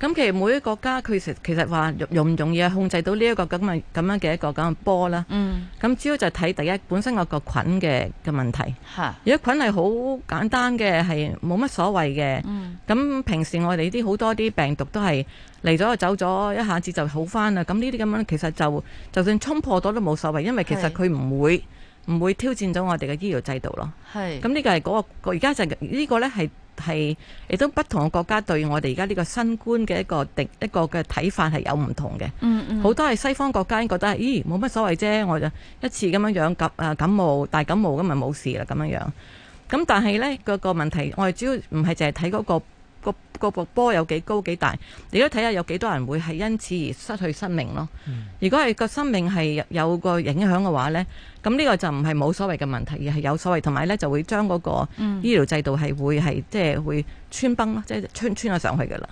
咁其實每一個國家佢其實話容唔容易控制到呢、呢個、一個咁嘅咁樣嘅一個咁嘅波啦。嗯。咁主要就睇第一本身個個菌嘅嘅問題。係哈。如果菌係好簡單嘅，係冇乜所謂嘅。咁、嗯、平時我哋啲好多啲病毒都係嚟咗走咗，一下子就好翻啦。咁呢啲咁樣其實就就算衝破咗都冇所謂，因為其實佢唔會唔是會挑戰咗我哋嘅醫療制度咯。係是。咁呢個係嗰、嗰個，而家就係呢個、呢個咧係。係，亦都不同嘅國家對我哋而家呢個新冠嘅一個定一個嘅睇法係有唔同嘅，好、嗯嗯、多係西方國家覺得，咦冇乜所謂啫，我就一次咁樣樣感啊感冒大感冒咁咪冇事啦咁樣樣。咁但係呢個、這個問題，我哋主要唔係淨係睇嗰個、那個那個波有幾高幾大，你都睇下有幾多人會係因此而失去失、嗯、生命咯。如果係個生命係有個影響嘅話呢。咁呢個就唔係冇所謂嘅問題，而係有所謂，同埋咧就會將嗰個醫療制度係會係即係會穿崩咯，即係穿穿咗上去㗎啦。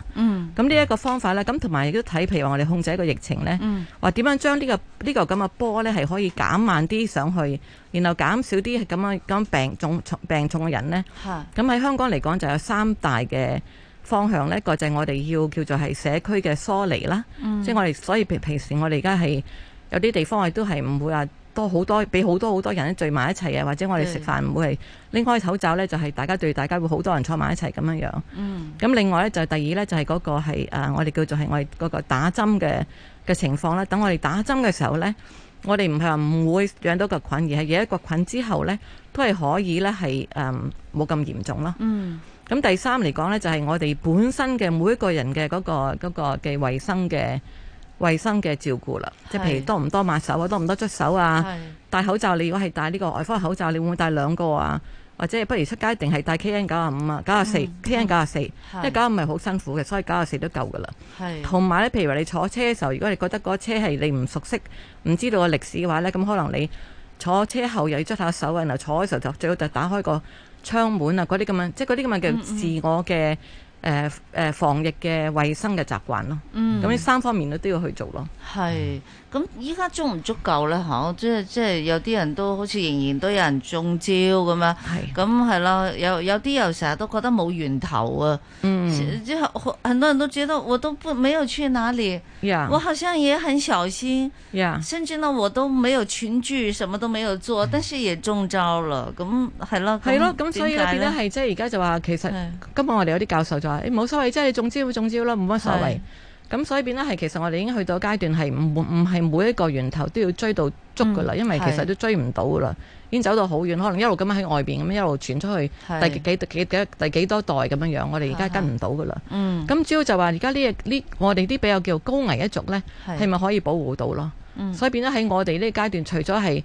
咁呢一個方法咧，咁同埋亦都睇，譬如話我哋控制一個疫情咧，話點、嗯、樣將、呢個呢個咁嘅波咧係可以減慢啲上去，然後減少啲咁樣咁病，病重病重嘅人咧。咁喺是香港嚟講，就有三大嘅方向咧，一個就係我哋要叫做係社區嘅疏離啦，即係、嗯、我哋所以平平時我哋而家係有啲地方，我哋都係唔會話。多好多俾好多好多人聚埋一齊嘅，或者我哋食飯唔會係拎、嗯、開口罩呢，就係、是、大家對大家會好多人坐埋一齊咁樣樣。嗯。咁另外呢，就第二呢，就係、是、嗰個係、呃、我哋叫做係我哋嗰個打針嘅嘅情況啦。等我哋打針嘅時候呢，我哋唔係話唔會養到個菌，而係養一個菌之後呢，都係可以呢，係誒冇咁嚴重咯。嗯。咁第三嚟講呢，就係、是、我哋本身嘅每一個人嘅嗰、那個嗰、那個嘅衞、那個、生嘅。衞生嘅照顧啦，即係譬如多唔多抹手啊，多唔多捽手啊，戴口罩，你如果係戴呢個外科口罩，你會唔會戴兩個啊？或者不如出街定係戴 KN 九五啊，九四 KN 九四，因為九五係好辛苦嘅，所以九四都夠㗎啦。同埋咧，譬如話你坐車嘅時候，如果你覺得嗰車係你唔熟悉、唔知道個歷史嘅話呢，咁可能你坐車後又要捽下手啊，然後坐嘅時候就最好就打開個窗門啊，嗰啲咁樣，即係嗰啲咁樣叫自我嘅。嗯嗯誒、呃呃、防疫嘅衛生嘅習慣咯，咁、嗯、三方面都都要去做咯。係。咁依家足唔足夠咧？嗬，即係即係有啲人都好似仍然都有人中招咁樣。係的。咁係咯，有有啲又成日都覺得冇源頭啊。嗯。之後好很多人都覺得我都不沒有去哪裡。Yeah. 我好像也很小心。Yeah. 甚至呢，我都沒有群聚，什麼都沒有做，Yeah. 但是也中招了。咁係咯。係咯，咁所以有即係而家就話其實的今日我哋有啲教授就話冇所謂，即係你中招就中招啦，冇乜所謂。咁所以變啦，係其實我哋已經去到階段是，係唔唔係每一個源頭都要追到捉噶啦，嗯、因為其實都追唔到噶啦，是已經走到好遠，可能一路咁樣喺外邊咁樣一路傳出去，第幾幾幾第幾多代咁樣樣，我哋而家跟唔到噶啦。是是嗯，咁主要就話而家呢嘢，呢我哋啲比較叫做高危一族呢，係咪是可以保護到咯？嗯、所以變咗喺我哋呢個階段，除咗係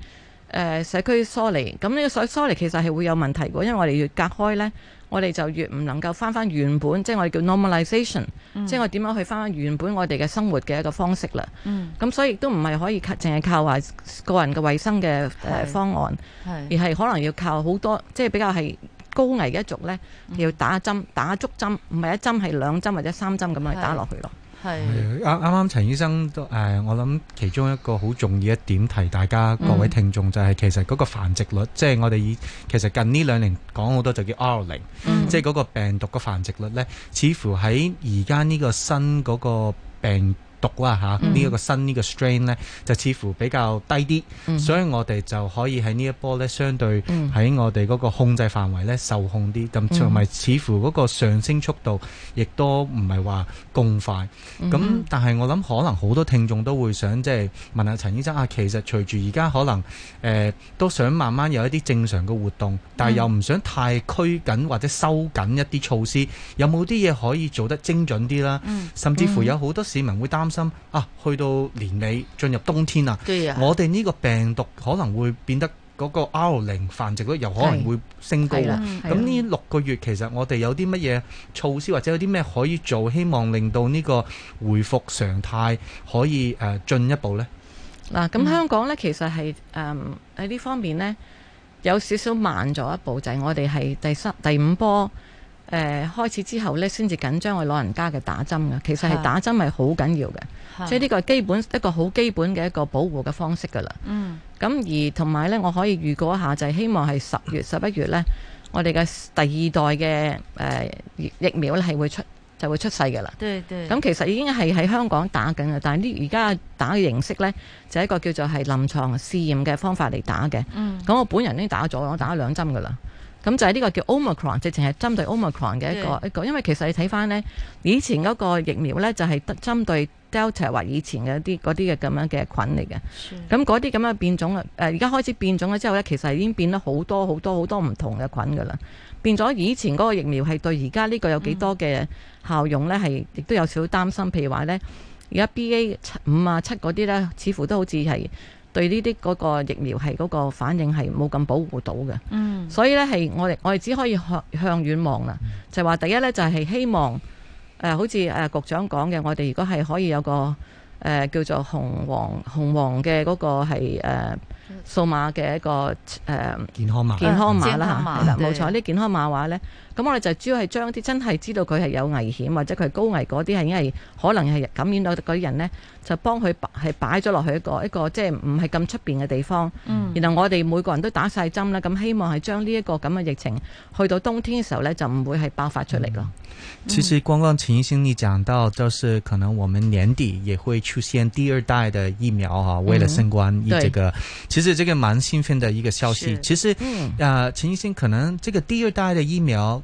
誒社區疏離，咁呢個疏疏離其實係會有問題嘅，因為我哋要隔開呢。我哋就越唔能夠翻翻原本，即係我哋叫 normalization、嗯、即係我點樣去翻翻原本我哋嘅生活嘅一個方式啦。咁、嗯、所以都唔係可以靠，淨係靠話個人嘅衛生嘅誒方案，是是而係可能要靠好多，即係比較係高危嘅一族呢，要打針、打足針，唔係一針，係兩針或者三針咁樣打落去咯。係啱啱陳醫生都誒，我諗其中一個好重要一點提大家各位聽眾就係、是、其實嗰個繁殖率，即、就、係、是、我哋以其實近呢兩年講好多就叫 R 零，即係嗰個病毒嘅繁殖率呢，似乎喺而家呢個新嗰個病。毒啊嚇！呢、啊、一、這個新、這個、呢個 strain 呢就似乎比較低啲，嗯、所以我哋就可以喺呢一波呢，相對喺我哋嗰個控制範圍呢，受控啲，咁同埋似乎嗰個上升速度亦都唔係話咁快。咁、嗯、哼但係我諗可能好多聽眾都會想即係、就是、問下陳醫生啊，其實隨住而家可能、呃、都想慢慢有一啲正常嘅活動，但係又唔想太拘緊或者收緊一啲措施，有冇啲嘢可以做得精準啲啦？甚至乎有好多市民會擔。心啊！去到年尾，進入冬天啦，的我哋呢個病毒可能會變得嗰個 R 零繁殖率又可能會升高啊！咁呢六個月其實我哋有啲乜嘢措施，或者有啲咩可以做，希望令到呢個回復常態可以誒、呃、進一步呢？嗱，咁香港呢，其實係誒喺呢方面呢，有少少慢咗一步，就係、是、我哋係第三第五波。誒、呃、開始之後咧，先至緊張我老人家嘅打針嘅。其實係打針係好緊要嘅，的所以呢個基本一個好基本嘅一個保護嘅方式㗎啦。嗯，咁而同埋咧，我可以預告一下，就係、是、希望係十月十一月咧，我哋嘅第二代嘅、呃、疫苗咧係會出就會出世㗎啦。對，對對，咁、嗯、其實已經係喺香港打緊嘅，但係呢而家打嘅形式咧就係、是、一個叫做係臨床試驗嘅方法嚟打嘅。咁、嗯、我本人已經打咗，我打咗兩針㗎啦。咁就係呢個叫 Omicron，直情係針對 Omicron 嘅一個一個，的因為其實你睇返呢，以前嗰個疫苗呢，就係、是、得針對 Delta 或以前嘅啲嗰啲嘅咁樣嘅菌嚟嘅。咁嗰啲咁樣變種誒，而、呃、家開始變種咗之後呢，其實已經變咗好多好多好多唔同嘅菌㗎喇。變咗以前嗰個疫苗係對而家呢個有幾多嘅效用呢？係亦、嗯、都有少少擔心。譬如話呢，而家 BA 七五啊七嗰啲呢，似乎都好似係。對呢啲嗰個疫苗係嗰個反應係冇咁保護到嘅，嗯、所以咧係我哋我哋只可以向向遠望啦。就係、是、話第一咧就係希望誒、呃，好似誒、啊、局長講嘅，我哋如果係可以有個誒、呃、叫做紅黃紅黃嘅嗰個係誒數碼嘅一個誒、呃、健康碼健康碼啦，冇錯呢啲健康碼對話咧。咁我哋就主要係將啲真係知道佢係有危險或者佢係高危嗰啲係因為可能係感染到嗰啲人呢，就幫佢係擺咗落去一個一個即係唔係咁出邊嘅地方。嗯、然後我哋每個人都打晒針啦，咁希望係將呢一個咁嘅疫情去到冬天嘅時候呢，就唔會係爆發出嚟咯。嗯嗯、其實剛剛陳醫生你講到，就是可能我們年底也會出現第二代嘅疫苗啊，為了新冠呢一個，其實這個蠻興奮嘅一個消息。是其實，啊、嗯，陳、呃、醫生可能這個第二代嘅疫苗。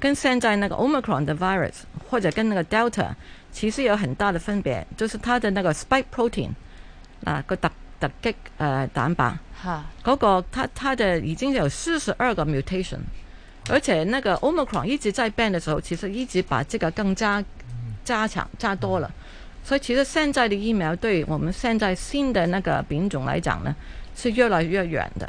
跟現在那個 Omicron 的 virus 或者跟那個 Delta 其實有很大的分別，就是它的那個 spike protein 啊，個突突擊誒、呃、蛋白，嗰、啊那個它它的已經有四十二個 mutation，而且那個 Omicron 一直在變的時候，其實一直把這個更加加強加多了，所以其實現在的疫苗對我們現在新的那個品種來講呢，是越來越遠的。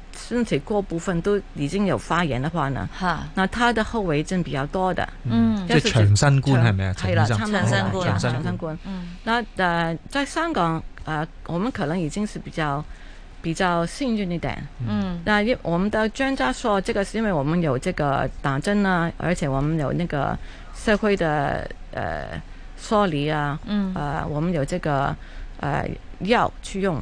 身體各部分都已經有發炎的話呢，那它的後遺症比較多的，嗯，就是長新冠係咪啊？係啦，長新冠。嗯，那在香港，呃，我們可能已經是比較比較幸運一點。嗯，那因我們的專家說，這個是因為我們有這個打針啊，而且我們有那個社會的呃疏離啊，嗯，誒，我們有這個呃藥去用。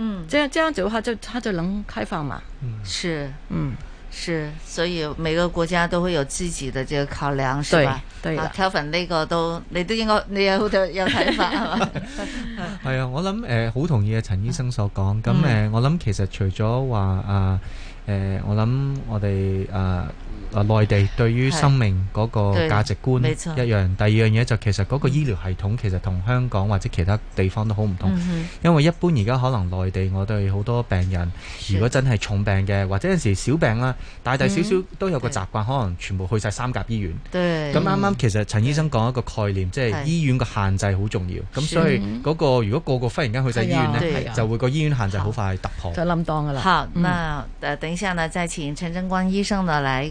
嗯這，這樣這樣話就，就他就能開放嘛。是嗯，是，嗯，是，所以每個國家都會有自己的這個考量，是吧？對啦，Kevin 呢個都你都應該你有好多有睇法係嘛？係啊，我諗誒，好、呃、同意啊，陳醫生所講。咁誒、啊呃，我諗其實除咗話啊，誒、呃呃，我諗我哋啊。呃內地對於生命嗰個價值觀一樣，第二樣嘢就其實嗰個醫療系統其實同香港或者其他地方都好唔同。因為一般而家可能內地我對好多病人，如果真係重病嘅，或者有時小病啦，大大小小都有個習慣，可能全部去晒三甲醫院。咁啱啱其實陳醫生講一個概念，即係醫院個限制好重要。咁所以嗰個如果個個忽然間去晒醫院呢，就會個醫院限制好快突破。就冧檔㗎啦。好，嗱，等一下呢，再請陳真光醫生落嚟，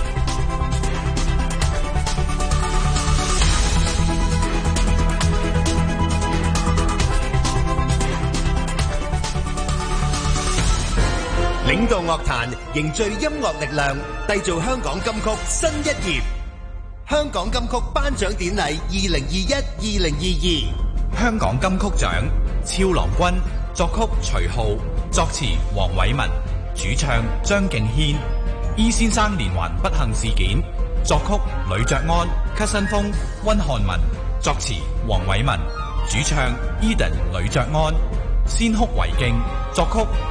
領導樂壇，凝聚音樂力量，締造香港金曲新一頁。香港金曲頒獎典禮2021-2022，香港金曲獎，超郎君作曲徐浩，作詞黃偉文，主唱張敬軒。伊先生連環不幸事件，作曲呂爵安、Cousin Fung、溫漢文，作詞黃偉文，主唱 Edan 呂爵安。先哭為敬，作曲。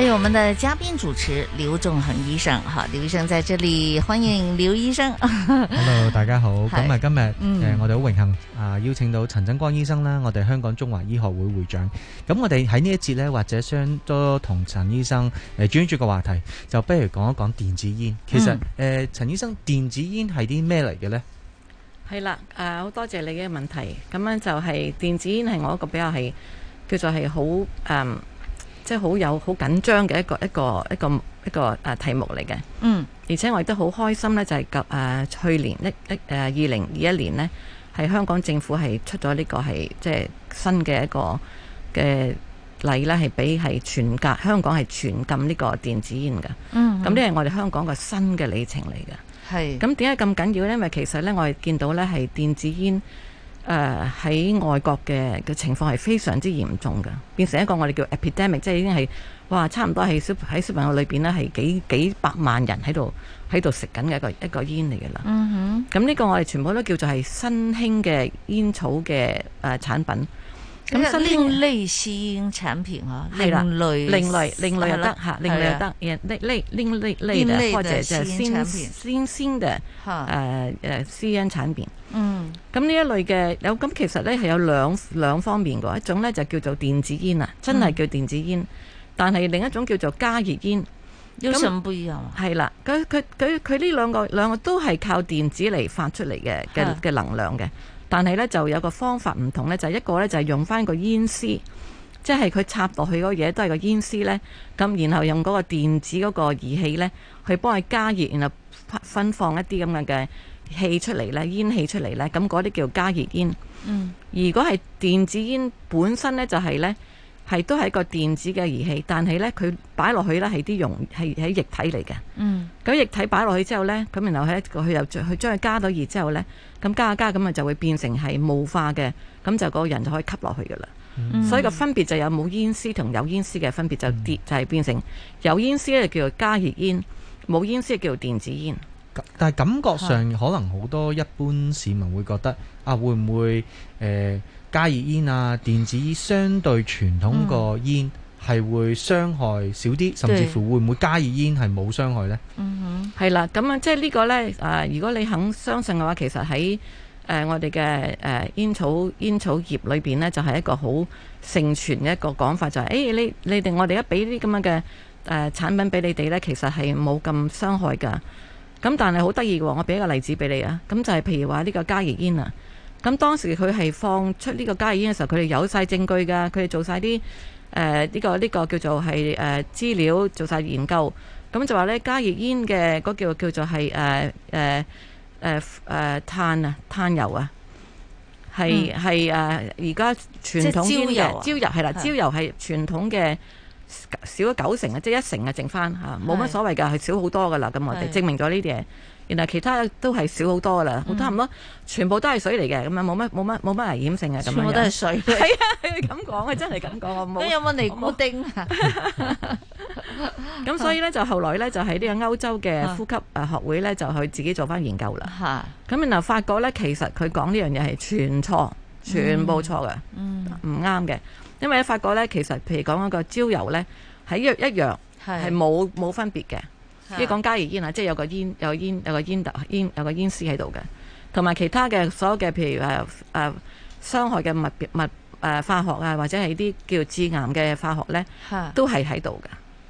歡迎我們的嘉賓主持劉仲恆醫生，好，劉醫生在這裏，歡迎劉醫生。 Hello，大家好。咁啊 天，今日，嗯呃，我哋好榮幸啊，呃，邀請到陳真光醫生啦，我哋香港中華醫學會會長。咁我哋喺呢一節呢，或者相多同陳醫生誒，專注個話題，就不如講一講電子煙。其實誒，嗯呃，陳醫生，電子煙係啲咩嚟嘅呢？係啦，誒，呃，好多謝你嘅問題。咁樣就係電子煙係我的一個比較係叫做係好誒。嗯即係好有好緊張嘅一個一個一個一個誒題目嚟嘅。嗯，而且我亦都好開心呢，就係及誒去年一一誒二零二一年呢，係香港政府係出咗呢個係即係新嘅一個嘅例呢，係俾係全格香港係全禁呢個電子煙嘅、嗯。嗯，咁呢係我哋香港個新嘅里程嚟嘅。係是。咁點解咁緊要呢？因為其實呢，我哋見到呢係電子煙。誒喺、uh, 外國嘅嘅情況係非常之嚴重㗎，變成一個我哋叫 epidemic，即係已經係哇差唔多係小喺小朋友裏邊咧係幾幾百萬人喺度喺度食緊嘅一個一個煙嚟嘅啦。嗯哼，咁呢個我哋全部都叫做係新興嘅煙草嘅誒、呃、產品。咁另類先產品嗬，另類，另類，另類又得嚇，另類又得，誒，另另另另，或者就先先先嘅誒誒 C N 產品。嗯，咁呢一類嘅有，咁其實咧係有兩兩方面嘅，一種咧就叫做電子煙啊，真係叫電子煙，但係另一種叫做加熱煙。有咩唔一樣啊？係啦，佢佢佢佢呢兩個兩個都係靠電子嚟發出嚟嘅嘅嘅能量嘅。但係咧就有個方法唔同咧，就係、一個咧就係、係、用翻個煙絲，即係佢插落去嗰嘢都係個煙絲咧，咁然後用嗰個電子嗰個儀器咧，去幫佢加熱，然後分放一啲咁樣嘅氣出嚟咧，煙氣出嚟咧，咁嗰啲叫加熱煙。嗯，如果係電子煙本身咧，就係、係、咧。係都係個電子嘅儀器，但係呢，佢擺落去呢係啲溶係喺液體嚟嘅。嗯。咁液體擺落去之後呢，咁然後係佢又佢將佢加到熱之後呢，咁加下加加一加咁啊就會變成係霧化嘅，咁就個人就可以吸落去噶啦。嗯、所以個分別就有冇煙絲同有煙絲嘅分別就，嗯、就跌就係變成有煙絲咧叫做加熱煙，冇煙絲叫做電子煙。但係感覺上可能好多一般市民會覺得的啊，會唔會誒？呃加熱煙啊，電子煙相對傳統個煙係會傷害少啲，嗯、甚至乎會唔會加熱煙係冇傷害呢？嗯哼，係啦，咁 啊，即係呢個呢。啊、呃，如果你肯相信嘅話，其實喺誒、呃、我哋嘅誒煙草煙草葉裏邊呢，就係、是、一個好盛傳嘅一個講法，就係、是、誒、欸、你你哋我哋一俾啲咁樣嘅誒、呃、產品俾你哋呢，其實係冇咁傷害噶。咁但係好得意嘅喎，我俾一個例子俾你啊，咁就係譬如話呢個加熱煙啊。咁當時佢係放出呢個加熱煙嘅時候，佢哋有晒證據噶，佢哋做晒啲誒呢個呢、這個叫做係誒、呃、資料，做晒研究，咁就話咧加熱煙嘅嗰、那個、叫叫做係誒誒誒誒碳啊碳油啊，係係誒而家傳統煙嘅焦油係啦，焦油係傳統嘅少咗九成啊，即、就、係、是、一成啊，剩翻嚇冇乜所謂噶，係少好多噶啦，咁我哋的證明咗呢啲嘢。原來其他都係少好多啦，好差唔多，多全部都係水嚟嘅，咁樣冇乜冇乜冇乜危險性嘅，嗯、樣全部都係水，係啊對，係咁講啊，真係咁講啊，咁有冇尼古丁？咁所以咧，就後來咧，就喺呢個歐洲嘅呼吸誒學會咧，就去自己做翻研究啦。嚇、啊！咁然後發覺咧，其實佢講呢樣嘢係全錯，全部錯嘅，唔啱嘅，因為發覺咧，其實譬如講嗰個焦油咧，係一一樣，係冇冇分別嘅。啲講加熱煙，就是、啊，即係有個煙有個煙有個煙頭，煙有個煙絲喺度嘅，同埋其他嘅所有嘅譬如誒誒傷害嘅物物誒化學啊，或者係啲叫致癌嘅化學咧，都係喺度㗎。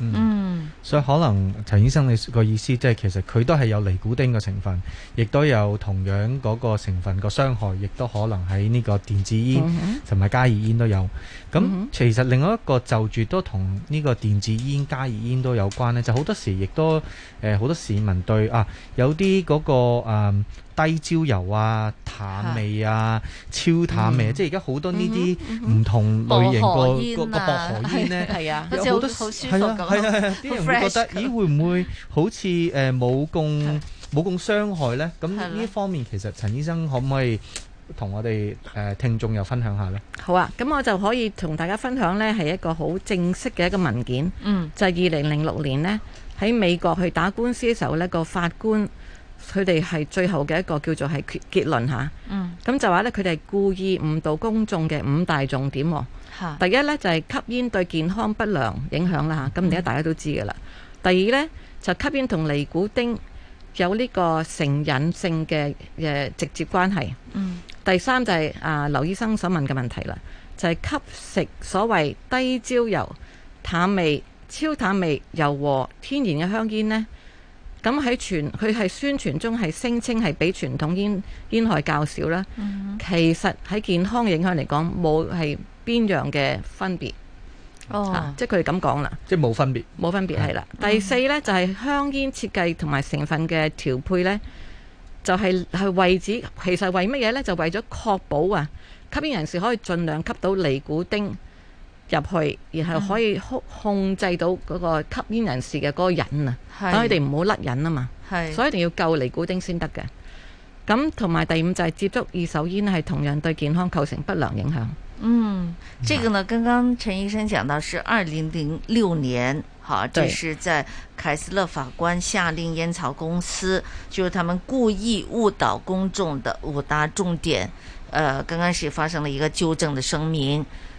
嗯，嗯所以可能陳醫生你個意思即、就、係、是、其實佢都係有尼古丁嘅成分，亦都有同樣嗰個成分個傷害，亦都可能喺呢個電子煙同埋加熱煙都有。咁、嗯、哼其實另外一個就住都同呢個電子煙加熱煙都有關呢，就好多時亦都誒好、呃、多市民對啊有啲嗰個啊。有些那個嗯低焦油啊、淡味啊、超淡味啊，即係而家好多呢啲唔同類型個個薄荷煙咧，有好多好舒服咁。係啊係啊，啲人覺得咦會唔會好似誒冇咁冇咁傷害呢？咁呢一方面其實陳醫生可唔可以同我哋誒聽眾又分享下呢？好啊，咁我就可以同大家分享呢，係一個好正式嘅一個文件，嗯，就係二零零六年呢，喺美國去打官司嘅時候呢個法官。佢哋係最後嘅一個叫做係結結論吓，咁就話咧，佢哋故意誤導公眾嘅五大重點是第一咧就係吸煙對健康不良影響啦吓，咁而家大家都知嘅啦。第二咧就吸煙同尼古丁有呢個成癮性嘅誒直接關係。嗯、第三就係啊劉醫生所問嘅問題啦，就係、是、吸食所謂低焦油、淡味、超淡味、柔和天然嘅香煙咧。咁喺傳，佢係宣傳中係聲稱係比傳統煙煙害較少啦，嗯、哼其實喺健康嘅影響嚟講冇係邊樣嘅分別，即係佢哋咁講啦，即係冇分別冇分別係啦。嗯、哼第四呢，就係、是、香煙設計同埋成分嘅調配呢，就係、是、係為止，其實為乜嘢呢？就為咗確保啊，吸煙人士可以盡量吸到尼古丁。入去，然後可以控控制到嗰個吸煙人士嘅嗰個癮啊，等佢哋唔好甩癮啊嘛，是所以一定要救尼古丁先得嘅。咁同埋第五就係接觸二手煙係同樣對健康構成不良影響。嗯，這個呢，剛剛陳醫生講到是二零零六年，哈，這是在凱斯勒法官下令煙草公司，就是他們故意誤導公眾的五大重點。呃，剛剛是發生了一個糾正的聲明。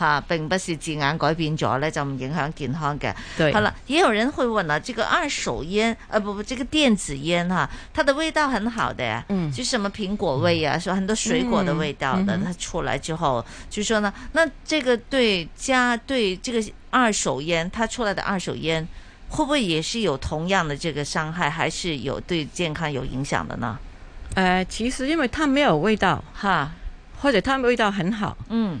哈、啊，並不是字眼改變咗呢，就唔影響健康嘅。對好啦，也有人會問啦、啊，這個二手煙，啊，不不，這個電子煙哈、啊，它的味道很好的，嗯，就什麼蘋果味啊，說很多水果的味道的，嗯、它出來之後，嗯、哼就說呢，那這個對家對這個二手煙，它出來的二手煙，會不會也是有同樣的這個傷害，還是有對健康有影響的呢？誒、呃，其實因為它沒有味道，哈，或者它味道很好，嗯。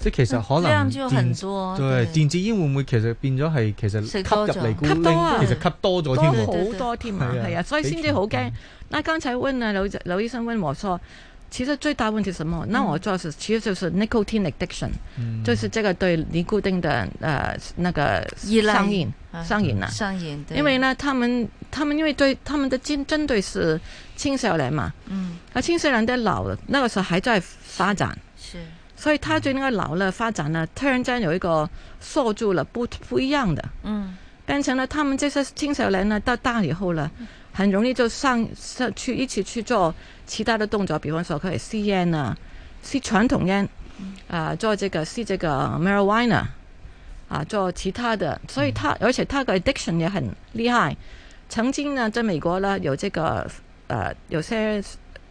即其實可能電對電子煙會唔會其實變咗係其實吸入尼古丁，其實吸多咗添喎，好多添啊，係啊，所以先至好驚。那剛才問啊，劉劉醫生問我說其實最大問題係什麼？那我錯是主要就是 Nicotine Addiction，就是即係個對尼古丁的誒那個依賴上癮上癮啊，上癮。因為呢，他們他們因為對他們的針針對是青少年嘛，嗯，啊青少年在老，那個時候還在發展。所以他對那個腦發展呢，突然間有一個鎖住了不不一樣的，嗯，變成了他們這些青少年呢到大以後呢，很容易就上上去一起去做其他的動作，比方說可以吸煙啊，吸傳統煙，嗯、啊做這個吸這個 marijuana，啊做其他的，所以他、嗯、而且他個 addiction 也很厲害，曾經呢在美國呢，有這個，呃、啊、有些。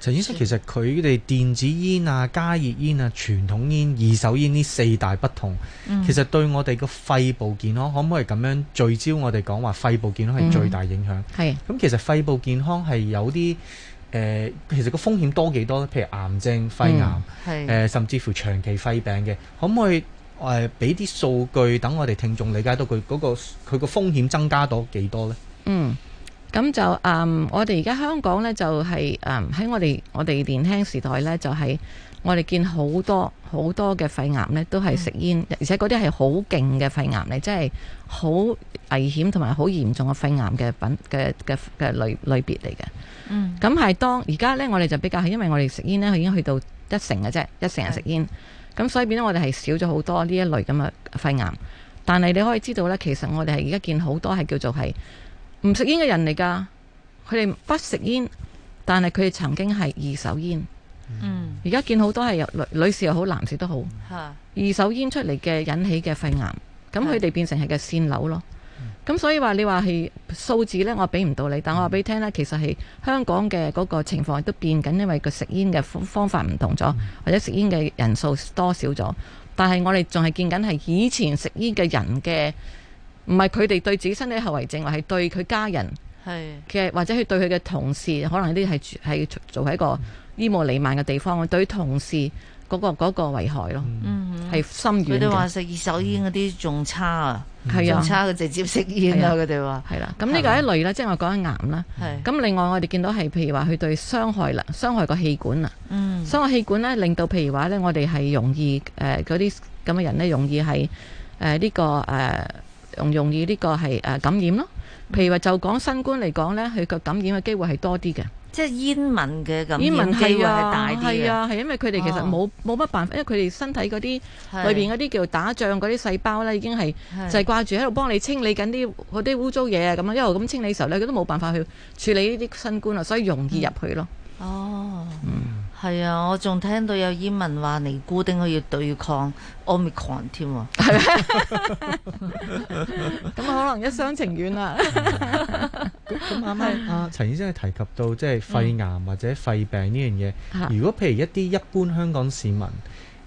陳醫生，其實佢哋電子煙啊、加熱煙啊、傳統煙、二手煙呢四大不同，嗯、其實對我哋個肺部健康，可唔可以咁樣聚焦我哋？我哋講話肺部健康係最大影響。係咁、嗯，其實肺部健康係有啲誒、呃，其實個風險多幾多呢？譬如癌症、肺癌，誒、嗯呃，甚至乎長期肺病嘅，可唔可以誒，俾啲數據等我哋聽眾理解到佢嗰、嗰個佢個風險增加到幾多呢？嗯。咁就嗯，um, 我哋而家香港呢，就係誒喺我哋我哋年輕時代呢，就係、是、我哋見好多好多嘅肺癌呢，都係食煙，嗯、而且嗰啲係好勁嘅肺癌嚟，即係好危險同埋好嚴重嘅肺癌嘅品嘅嘅嘅類類別嚟嘅。咁係、嗯、當而家呢，我哋就比較係因為我哋食煙呢已經去到一成嘅啫，一成人食煙，咁是所以變咗我哋係少咗好多呢一類咁嘅肺癌。但係你可以知道呢，其實我哋係而家見好多係叫做係。唔食煙嘅人嚟㗎，佢哋不食煙，但係佢哋曾經係二手煙。嗯，而家見好多係由女女士又好，男士都好。嚇、嗯，二手煙出嚟嘅引起嘅肺癌，咁佢哋變成係嘅腺瘤咯。咁、嗯、所以話你話係數字呢，我俾唔到你，但我話俾你聽咧，其實係香港嘅嗰個情況都變緊，因為個食煙嘅方法唔同咗，嗯、或者食煙嘅人數多少咗。但係我哋仲係見緊係以前食煙嘅人嘅。唔係佢哋對自己身體後遺症，或係對佢家人，其實是或者佢對佢嘅同事，可能啲係係做喺一個煙霧瀰漫嘅地方，對同事嗰、嗰個嗰個危害咯，係、嗯、哼深遠嘅。佢哋話食二手煙嗰啲仲差啊，係啊，仲差佢直接食煙啊，佢哋話係啦。咁呢個一類啦，即係我講緊癌啦。係咁、啊，吧另外我哋見到係譬如話佢對傷害啦，傷害個氣管啦，嗯、傷害氣管咧，令到譬如話咧，我哋係容易誒嗰啲咁嘅人咧，容易係誒呢個誒。呃容容易呢個係誒感染咯，譬如話就講新冠嚟講咧，佢個感染嘅機會係多啲嘅，即係煙民嘅感染機率係大啲。係啊，係、啊、因為佢哋其實冇冇乜辦法，因為佢哋身體嗰啲裏邊嗰啲叫做打仗嗰啲細胞咧，已經係是就係掛住喺度幫你清理緊啲啲污糟嘢啊咁樣，一路咁清理的時候咧，佢都冇辦法去處理呢啲新冠啊，所以容易入去咯。哦，嗯。係啊，我仲聽到有醫文話尼姑點解要對抗奧密克戎添喎？係咩？咁可能一廂情願啦。咁 啊， 咪、嗯、 啊，陳醫生係提及到即係、就是、肺癌或者肺病呢樣嘢。如果譬如一啲一般香港市民。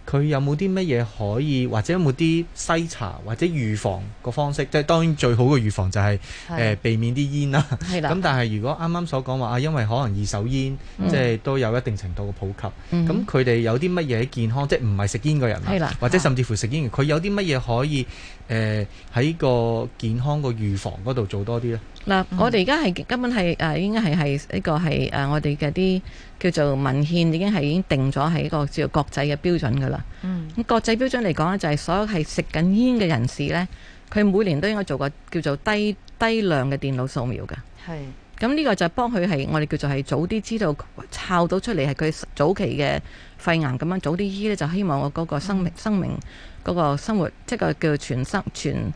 佢有冇啲乜嘢可以，或者有冇啲篩查或者預防個方式？即係當然最好嘅預防就係、是的呃、避免啲煙啦。係啦的。咁但係如果啱啱所講話啊，因為可能二手煙、嗯、即係都有一定程度嘅普及，咁佢哋有啲乜嘢健康，即係唔係食煙嘅人啊？係啦的。或者甚至乎食煙嘅，佢有啲乜嘢可以誒喺、呃、個健康個預防嗰度做多啲咧？嗱、嗯，我哋而家係根本係誒應該係係一個係我哋嘅啲。叫做文獻已經係已經定咗係一個叫做國際嘅標準噶啦。嗯。咁國際標準嚟講咧，就係、係、所有係食緊煙嘅人士咧，佢每年都應該做個叫做低低量嘅電腦掃描嘅。係。咁呢個就係幫佢係我哋叫做係早啲知道，靠到出嚟係佢早期嘅肺癌咁樣，早啲醫咧就希望我嗰個生命、嗯、生命嗰、嗰個生活，即係個叫全生存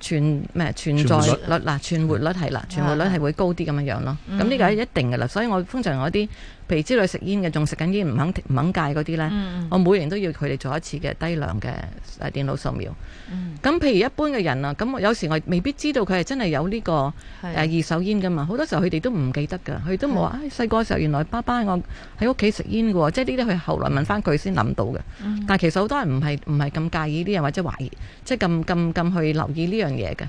全咩存在率嗱，存活率係啦，存、嗯啊、活率係會高啲咁樣樣咯。咁呢、嗯、個一定嘅啦，所以我通常我啲。肥之類食煙嘅，仲食緊煙，唔肯唔肯戒嗰啲咧。嗯、我每年都要佢哋做一次嘅低量嘅誒電腦掃描。咁譬、嗯、如一般嘅人啊，咁我有時我未必知道佢係真係有呢、呢個誒是、啊、二手煙噶嘛。好多時候佢哋都唔記得㗎，佢都冇話誒細個時候原來爸爸我喺屋企食煙嘅喎、哦，即係呢啲佢後來問翻佢先諗到嘅。嗯、但係其實好多人唔係唔係咁介意啲人或者懷疑，即係咁咁咁去留意呢樣嘢嘅。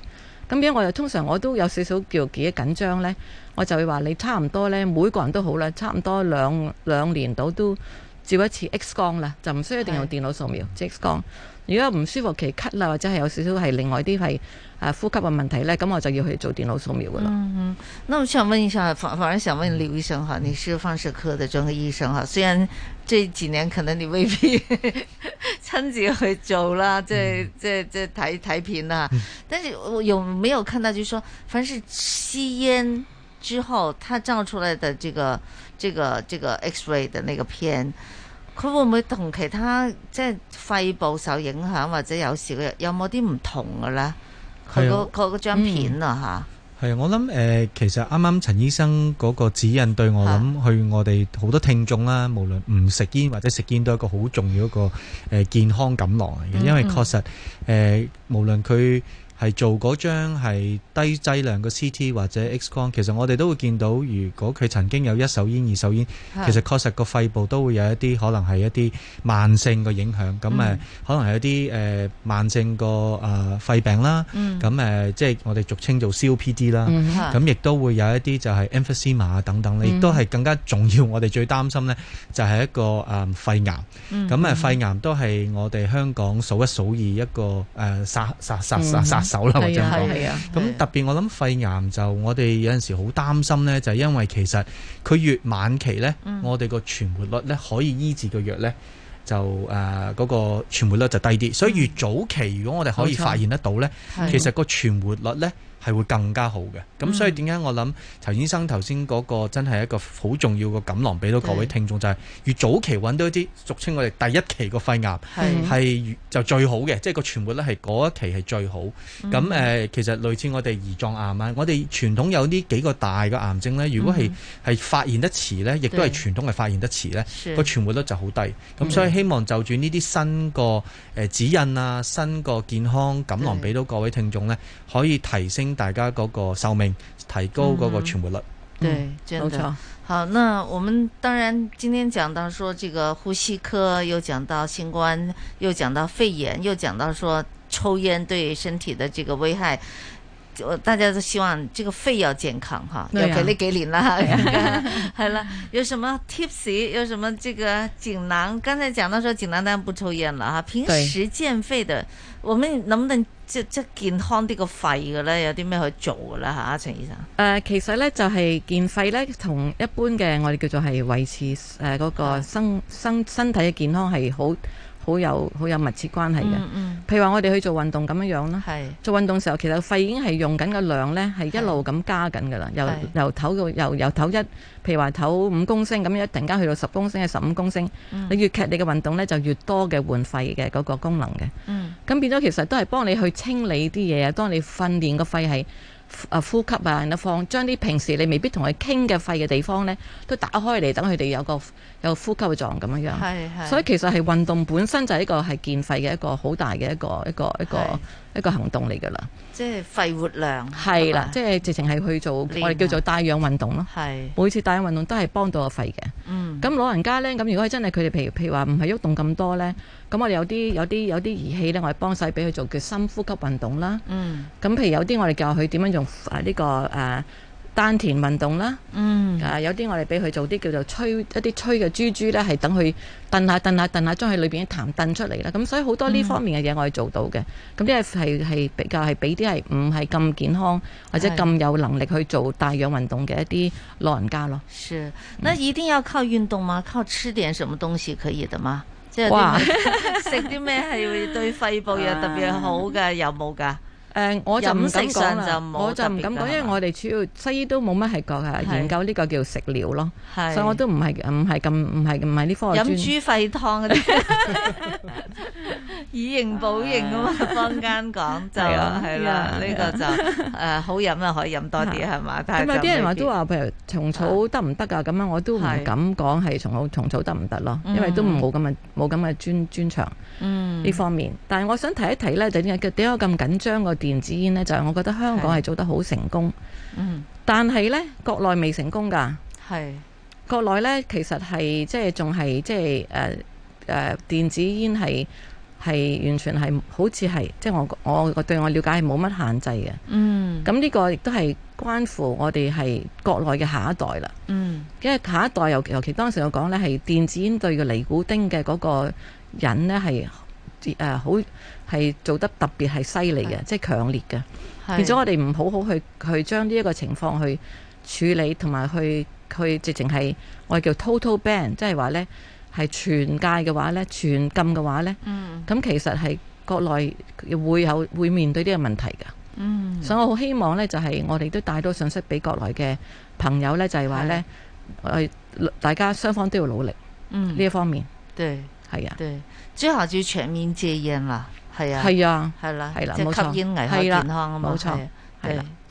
咁樣我又通常我都有少少叫幾緊張呢，我就會話你差唔多呢，每個人都好啦，差唔多兩,兩年到都照一次 X 光啦，就唔需要一定用電腦掃描是 X 光。如果唔舒服，其咳啦，或者係有少少係另外啲係啊呼吸嘅問題咧，咁我就要去做電腦掃描噶啦。嗯嗯，咁我想問一下，反而想問劉醫生吓，你是放射科的專科醫生吓，雖然這幾年可能你未必親 自去做啦，即係即係即係睇睇片啊，嗯、但是我有沒有看到就是，就說凡是吸煙之後，他照出來的這個、這個、這個 X-ray 的那個片？佢會唔會同其他即係肺部受影響或者有時佢有冇啲唔同嘅咧？佢個嗰張片啊吓。係、嗯、啊，我諗誒、呃，其實啱啱陳醫生嗰個指引對我諗的去我哋好多聽眾啦，無論唔食煙或者食煙，都係一個好重要一個誒、呃、健康感嚟嘅，因為確實誒、嗯嗯呃，無論佢。係做嗰張係低劑量嘅 CT 或者 X 光，ron, 其實我哋都會見到，如果佢曾經有一手煙、二手煙，其實確實個肺部都會有一啲可能係一啲慢性嘅影響。咁誒，可能係一啲慢性個肺病啦。咁誒，即係我哋俗稱做 COPD 啦。咁、嗯、亦都會有一啲就係 emphysema 等等。咧，亦都係更加重要。我哋最擔心咧，就係一個肺癌。咁誒、嗯嗯、肺癌都係我哋香港數一數二一個誒殺殺殺殺、嗯走啦！就咁講，咁、啊啊啊啊、特別我諗肺癌就我哋有陣時好擔心呢，就係、因為其實佢越晚期呢，嗯、我哋個存活率呢，可以醫治嘅藥呢，就誒嗰、啊嗰個存活率就低啲，嗯、所以越早期如果我哋可以發現得到呢，冇錯、其實個存活率呢，係會更加好嘅，咁所以點解我諗，陳醫生頭先嗰個真係一個好重要嘅錦囊，俾到各位聽眾對就係越早期揾到一啲，俗稱我哋第一期個肺癌係是就最好嘅，即係個存活率係嗰一期係最好。咁誒、嗯呃，其實類似我哋胰臟癌啊，我哋傳統有呢幾個大嘅癌症呢，如果係係、嗯、發現得遲呢，亦都係傳統係發現得遲呢，個存對活率就好低。咁是所以希望就住呢啲新個誒指引啊，新個健康錦囊，俾到各位聽眾呢，對可以提升。大家嗰個壽命提高嗰個存活率，嗯、對，真的好。那我們當然今天講到說，這個呼吸科又講到新冠，又講到肺炎，又講到說抽煙對身體的這個危害，我大家都希望這個肺要健康哈，要給力給力啦。好了，有什麼 tipsy？有什麼這個錦囊？剛才講到說錦囊當然不抽煙了哈，平時健肺的，對我們能不能？即即健康啲個肺嘅咧，有啲咩去做嘅啦嚇？陳醫生，誒、呃、其實咧就係健肺咧，同一般嘅我哋叫做係維持誒嗰個身身、嗯、身體嘅健康係好。好有好有密切關係嘅，嗯嗯、譬如話我哋去做運動咁樣樣啦，是做運動時候其實肺已經係用緊個量呢，係一路咁加緊噶啦，由由頭到由由頭一，譬如話頭五公升咁樣，一陣間去到十公升，係十五公升，嗯、你越劇你嘅運動呢，就越多嘅換肺嘅嗰個功能嘅，咁、嗯、變咗其實都係幫你去清理啲嘢啊。當你訓練個肺係。呼吸啊，一放，將啲平時你未必同佢傾嘅肺嘅地方呢都打開嚟，等佢哋有個有個呼吸嘅狀咁樣樣。係係。所以其實係運動本身就係一個係健肺嘅一個好大嘅一個一個一個。一個行動嚟㗎啦，即係肺活量係啦，即係直情係去做我哋叫做帶氧運動咯。係的每次帶氧運動都係幫到個肺嘅。嗯，咁老人家咧，咁如果係真係佢哋譬如譬如話唔係喐動咁多咧，咁我哋有啲有啲有啲儀器咧，我哋幫晒俾佢做叫深呼吸運動啦。嗯，咁譬如有啲我哋教佢點樣用呢、啊呢個誒。啊丹田運動啦，啊、嗯、有啲我哋俾佢做啲叫做吹一啲吹嘅珠珠咧，係等佢掟下掟下掟下，將佢裏面啲痰掟出嚟啦。咁所以好多呢方面嘅嘢我哋做到嘅，咁啲係比較係俾啲係唔係咁健康或者咁有能力去做帶氧運動嘅一啲老人家咯。是，那一定要靠運動嗎？靠吃點什麼東西可以的嗎？即係食啲咩係對肺部又特別好嘅、啊、有冇㗎？誒我就唔敢講，我就唔敢講，因為我哋主要西醫都冇乜係講啊，研究呢個叫食療咯，所以我都唔係唔係咁唔係唔係呢方面飲豬肺湯嗰啲，以形補形啊嘛，坊間講就係啦，呢個就誒好飲啊，可以飲多啲係嘛？但係有啲人話都話譬如蟲草得唔得啊？咁樣我都唔敢講係蟲草蟲草得唔得咯，因為都冇咁嘅冇咁嘅專專長呢方面。但係我想提一提咧，就點解點解咁緊張電子煙呢，就係、是、我覺得香港係做得好成功，是嗯，但係呢，國內未成功㗎，係是國內呢，其實係即係仲係即係誒誒電子煙係係完全係好似係即係我我我對我了解係冇乜限制嘅，嗯，咁呢個亦都係關乎我哋係國內嘅下一代啦，嗯，因為下一代尤其尤其當時我講呢，係電子煙對嘅尼古丁嘅嗰個人呢係。啲、呃、好係做得特別係犀利嘅，是即係強烈嘅。變咗是我哋唔好好去去將呢一個情況去處理，同埋去去直情係我哋叫 total ban，即係話咧係全界嘅話咧，全禁嘅話咧。嗯。咁其實係國內會有會面對呢個問題㗎。嗯。所以我好希望咧，就係、是、我哋都帶多訊息俾國內嘅朋友咧，就係話咧誒，是大家雙方都要努力。嗯。呢一方面。對。係啊，對，最好要全面戒煙啦。係啊，係啊，係啦，係啦，即係吸煙危害健康啊，冇錯，係。